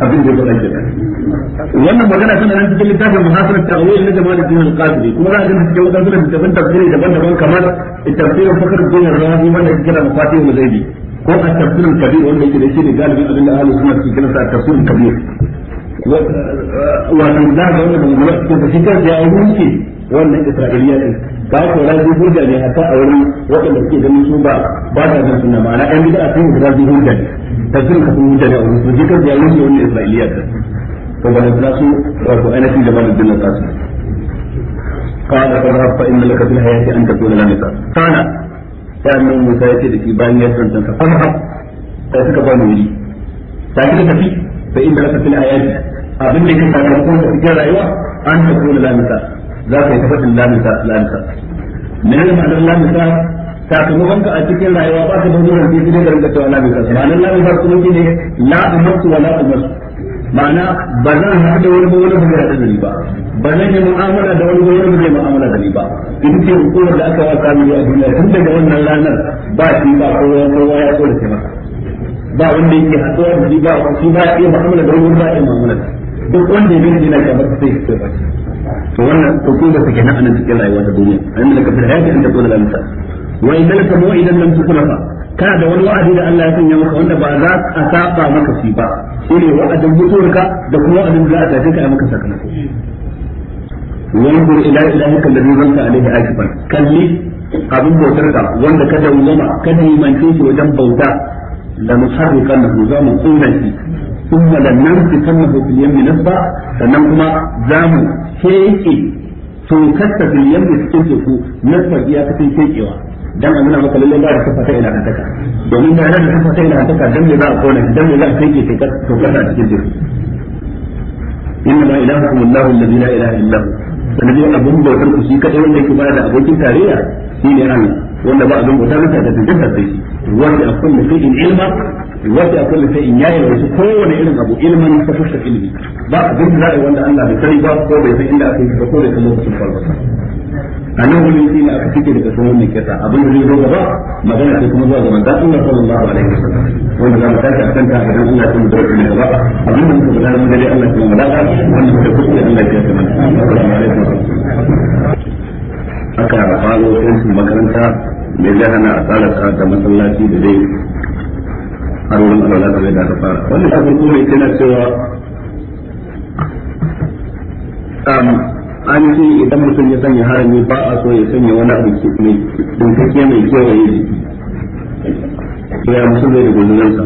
abin da ya wannan magana tana nan cikin littafin muhasarar ta'awil na jama'a da jihar kasiri kuma za a ga cikin wadansu da daban tafsiri daban-daban kamar tafsirin fakar bin rawi wanda yake kira zai ghaibi ko a tafsirin kabir wanda yake da shi ne galibin abin da ahalin suna cikin sa tafsirin kabir wato da ga wanda mun gura cikin shi kan ya wuce wannan isra'iliya din ba ko razi hujja ne hatta a wurin waɗanda suke ganin su ba ba da ganin sunna ma'ana ɗan bid'a sun razi hujja ne tafsirin kafin hujja ne a wurin shi kan ya wuce wannan isra'iliya din to ba da su wato ainihin da malamin da su قال فاذهب فإن لك في الحياة أن تكون لامسا قال sai annabi Musa ya ce da shi bayan ya tsanta ka fara sai suka ba mu wuri ta kika tafi fa inda laka fil ayati abin da kake sakamakon da cikin rayuwa an ta kula lamisa za ka yi tafatin lamisa lamisa menene ma'anar lamisa sakamakon ka a cikin rayuwa ba ka da wani rantsi sai da rinka cewa lamisa ma'anar lamisa kuma shine la umartu wa la umartu ma'ana ba zan haɗu da wani ba wani ba zai haɗu da ni ba ba zan yi mu'amala da wani ba wani ba zai mu'amala da ni ba in ce hukumar da aka wasa mu a duniya tun daga wannan ranar ba shi ba kowa kowa ya so da ke ba wanda yake haɗuwa da shi ba shi ba ya mu'amala da wani ba ya mu'amala duk wanda ya bi yana ba sai ya ce ba to wannan hukuma ta kenan anan cikin rayuwa ta duniya annabi da kafir hayati da ta kula da mutane wa idan ka mu'idan lam tukuna kana da wani wa'adi da Allah ya sanya maka wanda ba za a saba maka shi ba shine wa'adin mutuwarka da kuma wa'adin da za a tafi ka maka sakamako wanzur ila ilahika alladhi zanta alayhi akifan kalli abin bautarka wanda ka dawwama ka nimance shi wajen bauta Da la nusarrifannahu za mu tsura shi ثم لننفخنه في اليم نفا sannan kuma za mu keke to kasta fil yammi cikin teku nafa ya kace kekewa dan amina maka lalle ba da kafa ta ina hantaka domin da nan da kafa ta ina hantaka dan me za a kona dan me za a kai ke to kasa a cikin dare inna ma ilahukum allah alladhi la ilaha illa hu sanadi abun bautar ku shi kadai wanda yake bada da abokin tarayya shine Allah wanda ba abun bautar mutane da tantar sai wanda a kullu shay'in ilma wanda a kullu shay'in yayi wasu kowane irin abu ilman ta fuska ilmi ba abin da wanda Allah bai sani ba ko bai san inda aka yi ba ko bai san lokacin farko a nan wurin shi ne aka cike da sunan wannan kisa abin da zai zo gaba magana sai kuma zuwa ga manzon Allah sallallahu alaihi wasallam wanda za mu tashi akan ta idan Allah ya mutu da gaba abin da muka faɗa mun dai Allah ya mu dafa wanda muka kusa da Allah ya tsama assalamu alaikum aka faro sai makaranta me zai hana a tsara ta da masallaci da dai har Allah da zai da fara wannan abin farko ne tana cewa um, an ce idan mutum ya sanya harami ba a so ya sanya wani abu mai dinkake mai kewaye jiki ya musu zai da gudunansa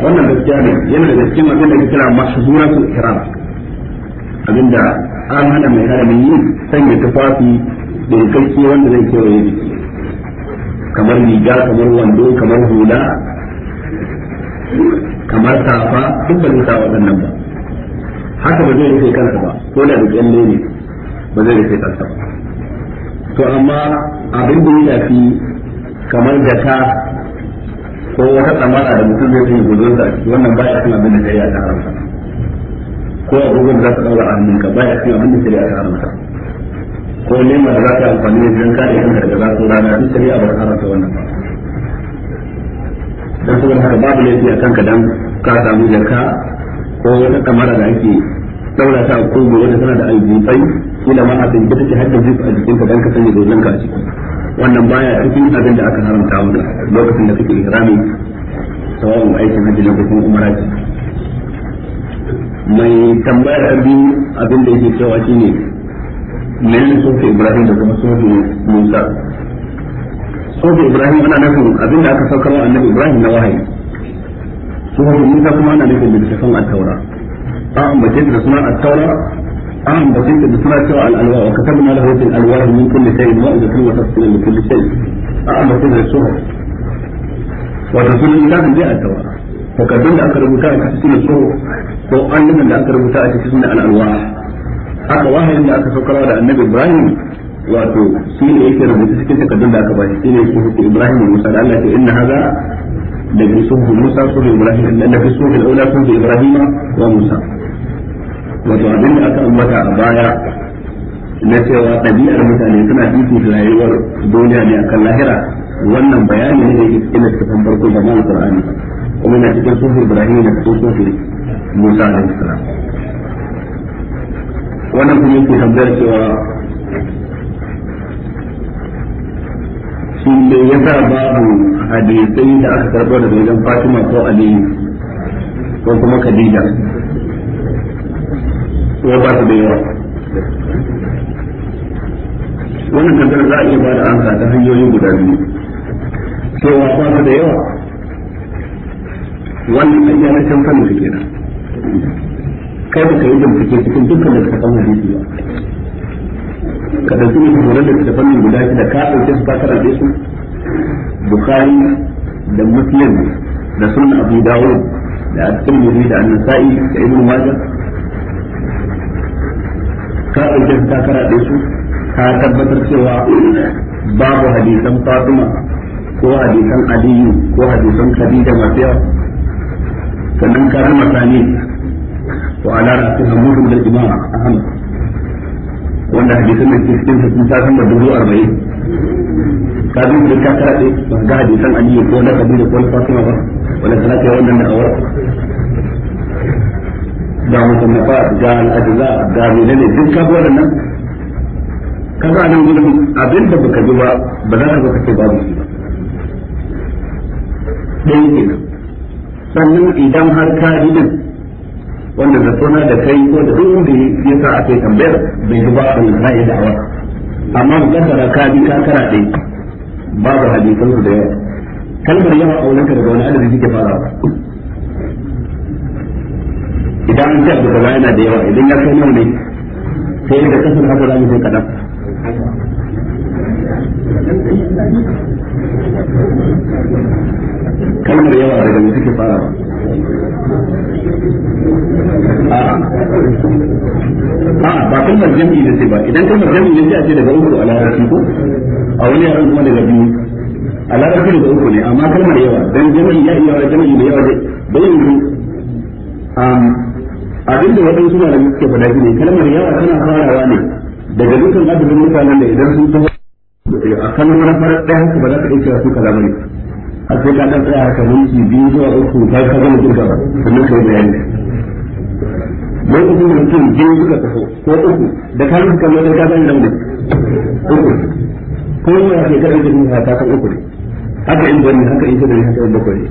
wannan gaskiya ne yana da cikin abin da masu zura su kira abinda an hana mai harami yin sanya tufafi dinkakke wanda zai kewaye jiki kamar riga kamar wando kamar hula kamar safa duk ba zai sa waɗannan ba haka ba zai rufe kansa ba ko da duk yalle ne ba zai rufe kansa ba to amma abin da ya shafi kamar da ta ko wata tsamara da mutum zai yi gudun sa wannan ba ya fi abin da yi a haramta ko abubuwan da za ka daura a hannunka ya fi abin da yi a haramta ko nema da za ka amfani da jiran kare kanka daga su rana duk shari'a ba ta haramta wannan ba dan saboda haka babu laifi a kanka dan ka samu jaka ko wata kamara da ake daura ta ko kogo wanda tana da aljibai kila ma a da take hadda jifa a ka dan ka sanya dozan ka a ciki wannan baya cikin abin da aka haramta maka lokacin da kake ihrami sawa'un aikin hajji na kuma umara ce mai tambayar abin abin da yake cewa shine menene sofe ibrahim da kuma sofe musa sofe ibrahim ana nufin abin da aka saukar wa annabi ibrahim na wahayi sofe musa kuma ana nufin littattafan at-taura an ambace da suna at-taura an ambace da suna cewa al-alwa wa katabna lahu fil alwa min kulli shay'in wa idza wa tafsila min kulli shay'in an ambace da suna wato sunan littafin dai at-taura takardun da aka rubuta a cikin sunan so ko da aka rubuta a cikin saukar da annabi Ibrahim wato shi ne yake rubuta cikin takardun da aka bashi shi ne suhufu Ibrahim da Musa da Allah ke inna haza da suhufu Musa suhufu Ibrahim da suhufu al-aula Ibrahim wa Musa wato abin da aka ambata a baya na cewa ɗabi'ar mutane suna da rayuwar duniya ne akan lahira wannan bayani ne yake cikin littafin farko da mawar Qur'ani kuma na cikin sufi Ibrahim da cikin sufi Musa da salam wannan kuma yake tambayar cewa shi ne sa babu hadisai da aka karɓo daga wajen Fatima ko Aliyu ko kuma Khadija ko ba su da yawa wannan tambayar za a iya ba da ansa ta hanyoyin guda biyu cewa ba su da yawa wannan a iya na rashin sanin su kenan kai ba kai yi bincike cikin dukkan da ka san hadisi ba ka da mutum horar da ta fannin guda shida ka ɗauke su ka karanta su bukari da muslim da sunan abu dawo da at-tirmidhi da an da ibn majah ka ɗauke su takara da su ka tabbatar cewa babu hadisan fatima ko hadisan aliyu ko hadisan khadija masu yawa sannan ka rama sani to ala rasul hamudu da a hannu. wanda hadisan da ke cikin sassan ta da dubu arba'in ka bi da takara ɗaya ga hadisan aliyu ko na kabila ko fatima ba wanda kana ke wannan da awar ga musannafat ga al'adila ga ne duk ka bi waɗannan ka ga nan gudun abin da baka bi ba ba za ka zo ka babu shi ba ɗaya kenan sannan idan har ka yi din wanda da suna da kai ko da duk wanda ya sa aka yi tambayar bai ji ba abin da na iya da'awa amma mu kaddara ka bi ka kara ɗaya babu hadisansu da yawa kalmar yawa a wurinka daga wani adadi suke farawa idan an ce abu kaza yana da yawa idan ya kai nawa ne sai yadda kasar haka za mu sai kadan kalmar yawa daga mu suke fara ba a a'a ba kalmar jami'i da ce ba idan kalmar jami'i ne a ce daga uku a larabci ko a wani yaran kuma daga biyu a larabci daga uku ne amma kalmar yawa dan jami'i ya iya jami'i da yawa dai bai yanzu abinda da waɗansu na da suke faɗa ne kalmar yawa tana farawa ne daga dukkan adadin mutanen da idan sun taho a kalmar farar ɗaya haka ba za ka iya cewa su kaza bane a sai ka ɗan tsaya haka minti biyu zuwa uku ta ka gama kirka ba sannan ka yi bayani lokacin da mutum biyu suka taho ko uku da ka rufe kamar ɗaya ka nan da uku ko yawa ke kaɗai jirgin haka ta kan uku ne haka in gani haka in kaɗai haka in bakwai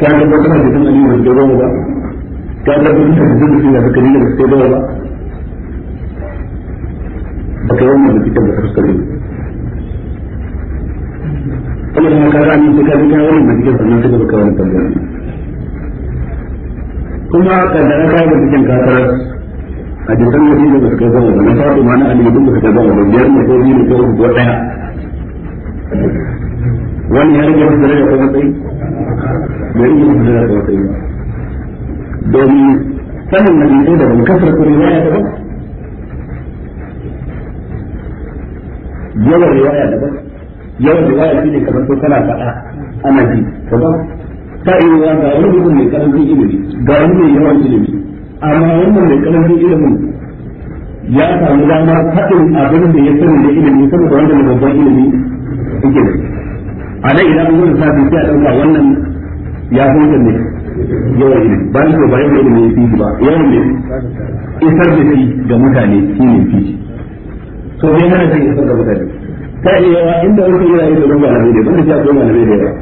ka tabbatar da dukkan aliyu da gaba ba ka tabbatar da dukkan da suka nuna da gaba ba ba ka yawan da kitan da fuskar ne kuma da ka rani ko ka wannan da kitan sannan sai ka wannan tambaya kuma ka da ka ga kitan ka tarar a jikin mutum da suka gaba ba na fatu ma na aliyu da suka gaba ba biyar ne ko biyu ne ko daya wani ya rage masa daraja kuma matsayi bai rage masa daraja kuma matsayi domin sanin na ɗin da ban kasar kuri ya daban yawan riwaya ba yawan riwaya shi ne kamar ko kana faɗa maji ji ba ta iya wa ga wani mutum mai karancin ilimi ga wani mai yawan ilimi amma wannan mai karancin ilimin ya samu dama haɗin abin da ya sani da ilimi saboda wanda mai babban ilimi yake da shi a nan idan gurin sabi sai a ɗauka wannan ya fi wutan ne yawan ne ba ni ba yawan ne ya fi ba yawan ne isar da shi ga mutane shi ne fi so ne hana sai isar da mutane ta iya yawa inda wata yana yi da ruwa na rede ban da shi a kuma na rede yawa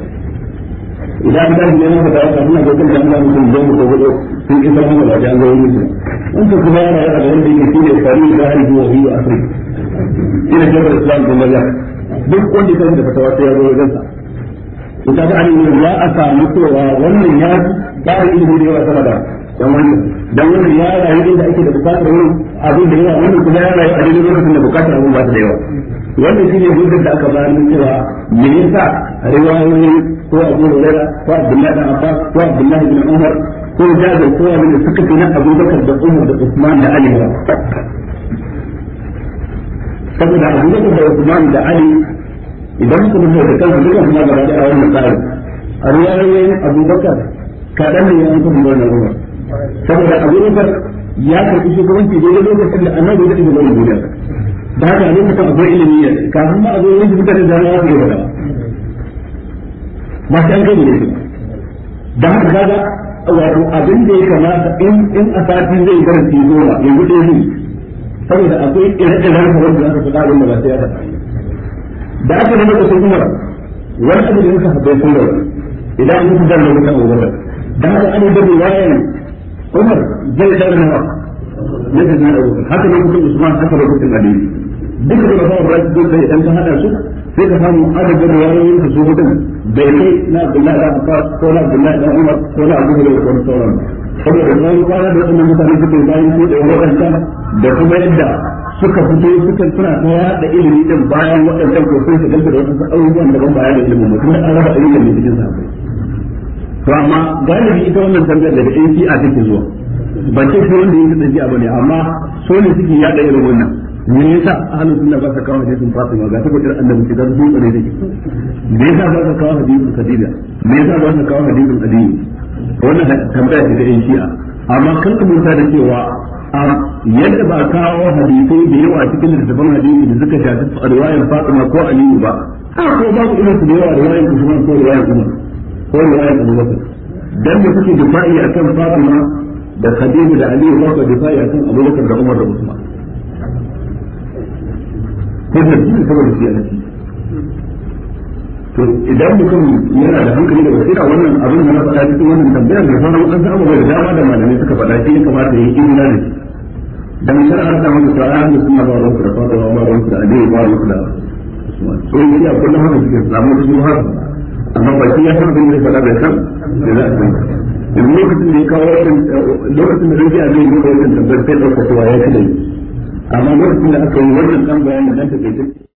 idan an tashi neman ka tawa kafin a zo kan jami'a mutum zai mu kogo sun isar hana ba jan zai mutum wanda kuma yana yana da wanda yake shi ne fari da haribu wa biyu a afirka ina jabar islam da maryam duk wanda ya tashi da fatawa sai ya zo wajensa to kaga an yi ya a samu cewa wannan ya ƙara ilimi da yawa sama da dan wannan dan wannan ya rayu inda ake da bukatar wani abin da yawa wannan kuma ya rayu a daidai lokacin da bukatar abin ba ta da yawa wannan shi ne hujjar da aka ba min cewa me yasa riwayoyin ko Abu Hurairah ko Abdullahi da Abbas ko Abdullahi bin Umar ko Jabir ko da suka fi na Abu da Umar da Usman da Ali saboda da Usman da Ali idan muka ne da kansu duka kuma gaba da awon misali a Abu Bakar kadan ne ya da wannan ruwa saboda Bakar ya karɓi shugabanci daidai lokacin da annabi ya tafi duniya da haka a lokacin akwai ilimi ne kafin ma a zo da mutane da ya fi gaba ba sai kai ne da haka kaga wato abin da ya kamata in in a sati zai garanti zuwa yanzu ɗaya ne saboda akwai ire-iren wanda aka faɗa da ba sai ya faɗa da aka nemi da sun umar wani abu da suka haɗe sun rawa idan an fitar da mutan umar da haka an yi da riwayan umar zai ɗaura nawa ne da na haka ne mutum usman haka da mutum ali duka da ba ba su da idan ta hada su sai ka samu adadin riwayoyin su su mutum bai kai na abdullahi da ko na abdullahi da umar ko na abu da wani sauran saboda nauyin kwana da wannan mutane suke bayan su da da kuma yadda suka fito suka suna ta da ilimi din bayan waɗannan ko sun shiga da wasu abubuwan da ban bayan da ilimin mutum an raba ilimin ne cikin sabai to amma galibi ita wannan tangar daga AC a take zuwa ban ce shi wanda yake tsaji abu ne amma so ne suke yaɗa irin wannan me yasa ahlus sunna ba sa kawo hadisin Fatima ga ta gudar annabi ce dan dole ne me yasa ba sa kawo hadisin kadida me yasa ba sa kawo hadisin Ali wannan tambaya ce da a amma kan kuma ta da cewa yadda ba kawo hadisai da yawa cikin littattafan hadisi da suka shafi riwayar Fatima ko Aliyu ba a ko ba ku irin su da yawa riwayar Usman ko riwayar Umar ko riwayar Abu Bakar dan da kuke difa'i akan Fatima da Khadija da Aliyu ba ku difa'i akan Abu Bakar da Umar da Usman ko da shi saboda shi ne to idan mutum yana da hankali da basira wannan abin da na faɗa cikin wannan tambayar da sauran wasu abubuwa da dama da malamai suka faɗa shi ne kamata ya yi imani da mai shari'ar ta wanda ta ayyana suna ba ruwansu da fatawa ba ruwansu da addini ba ruwansu da sai shi a kullum haka suke samu da su haka amma ba shi ya san abin da faɗa bai san da za a san yanzu lokacin da ya kawo wannan lokacin da zai abin da ya kawo wannan tabbatar da fatawa ya kada amma lokacin da aka yi wannan dan bayanin dan eh, take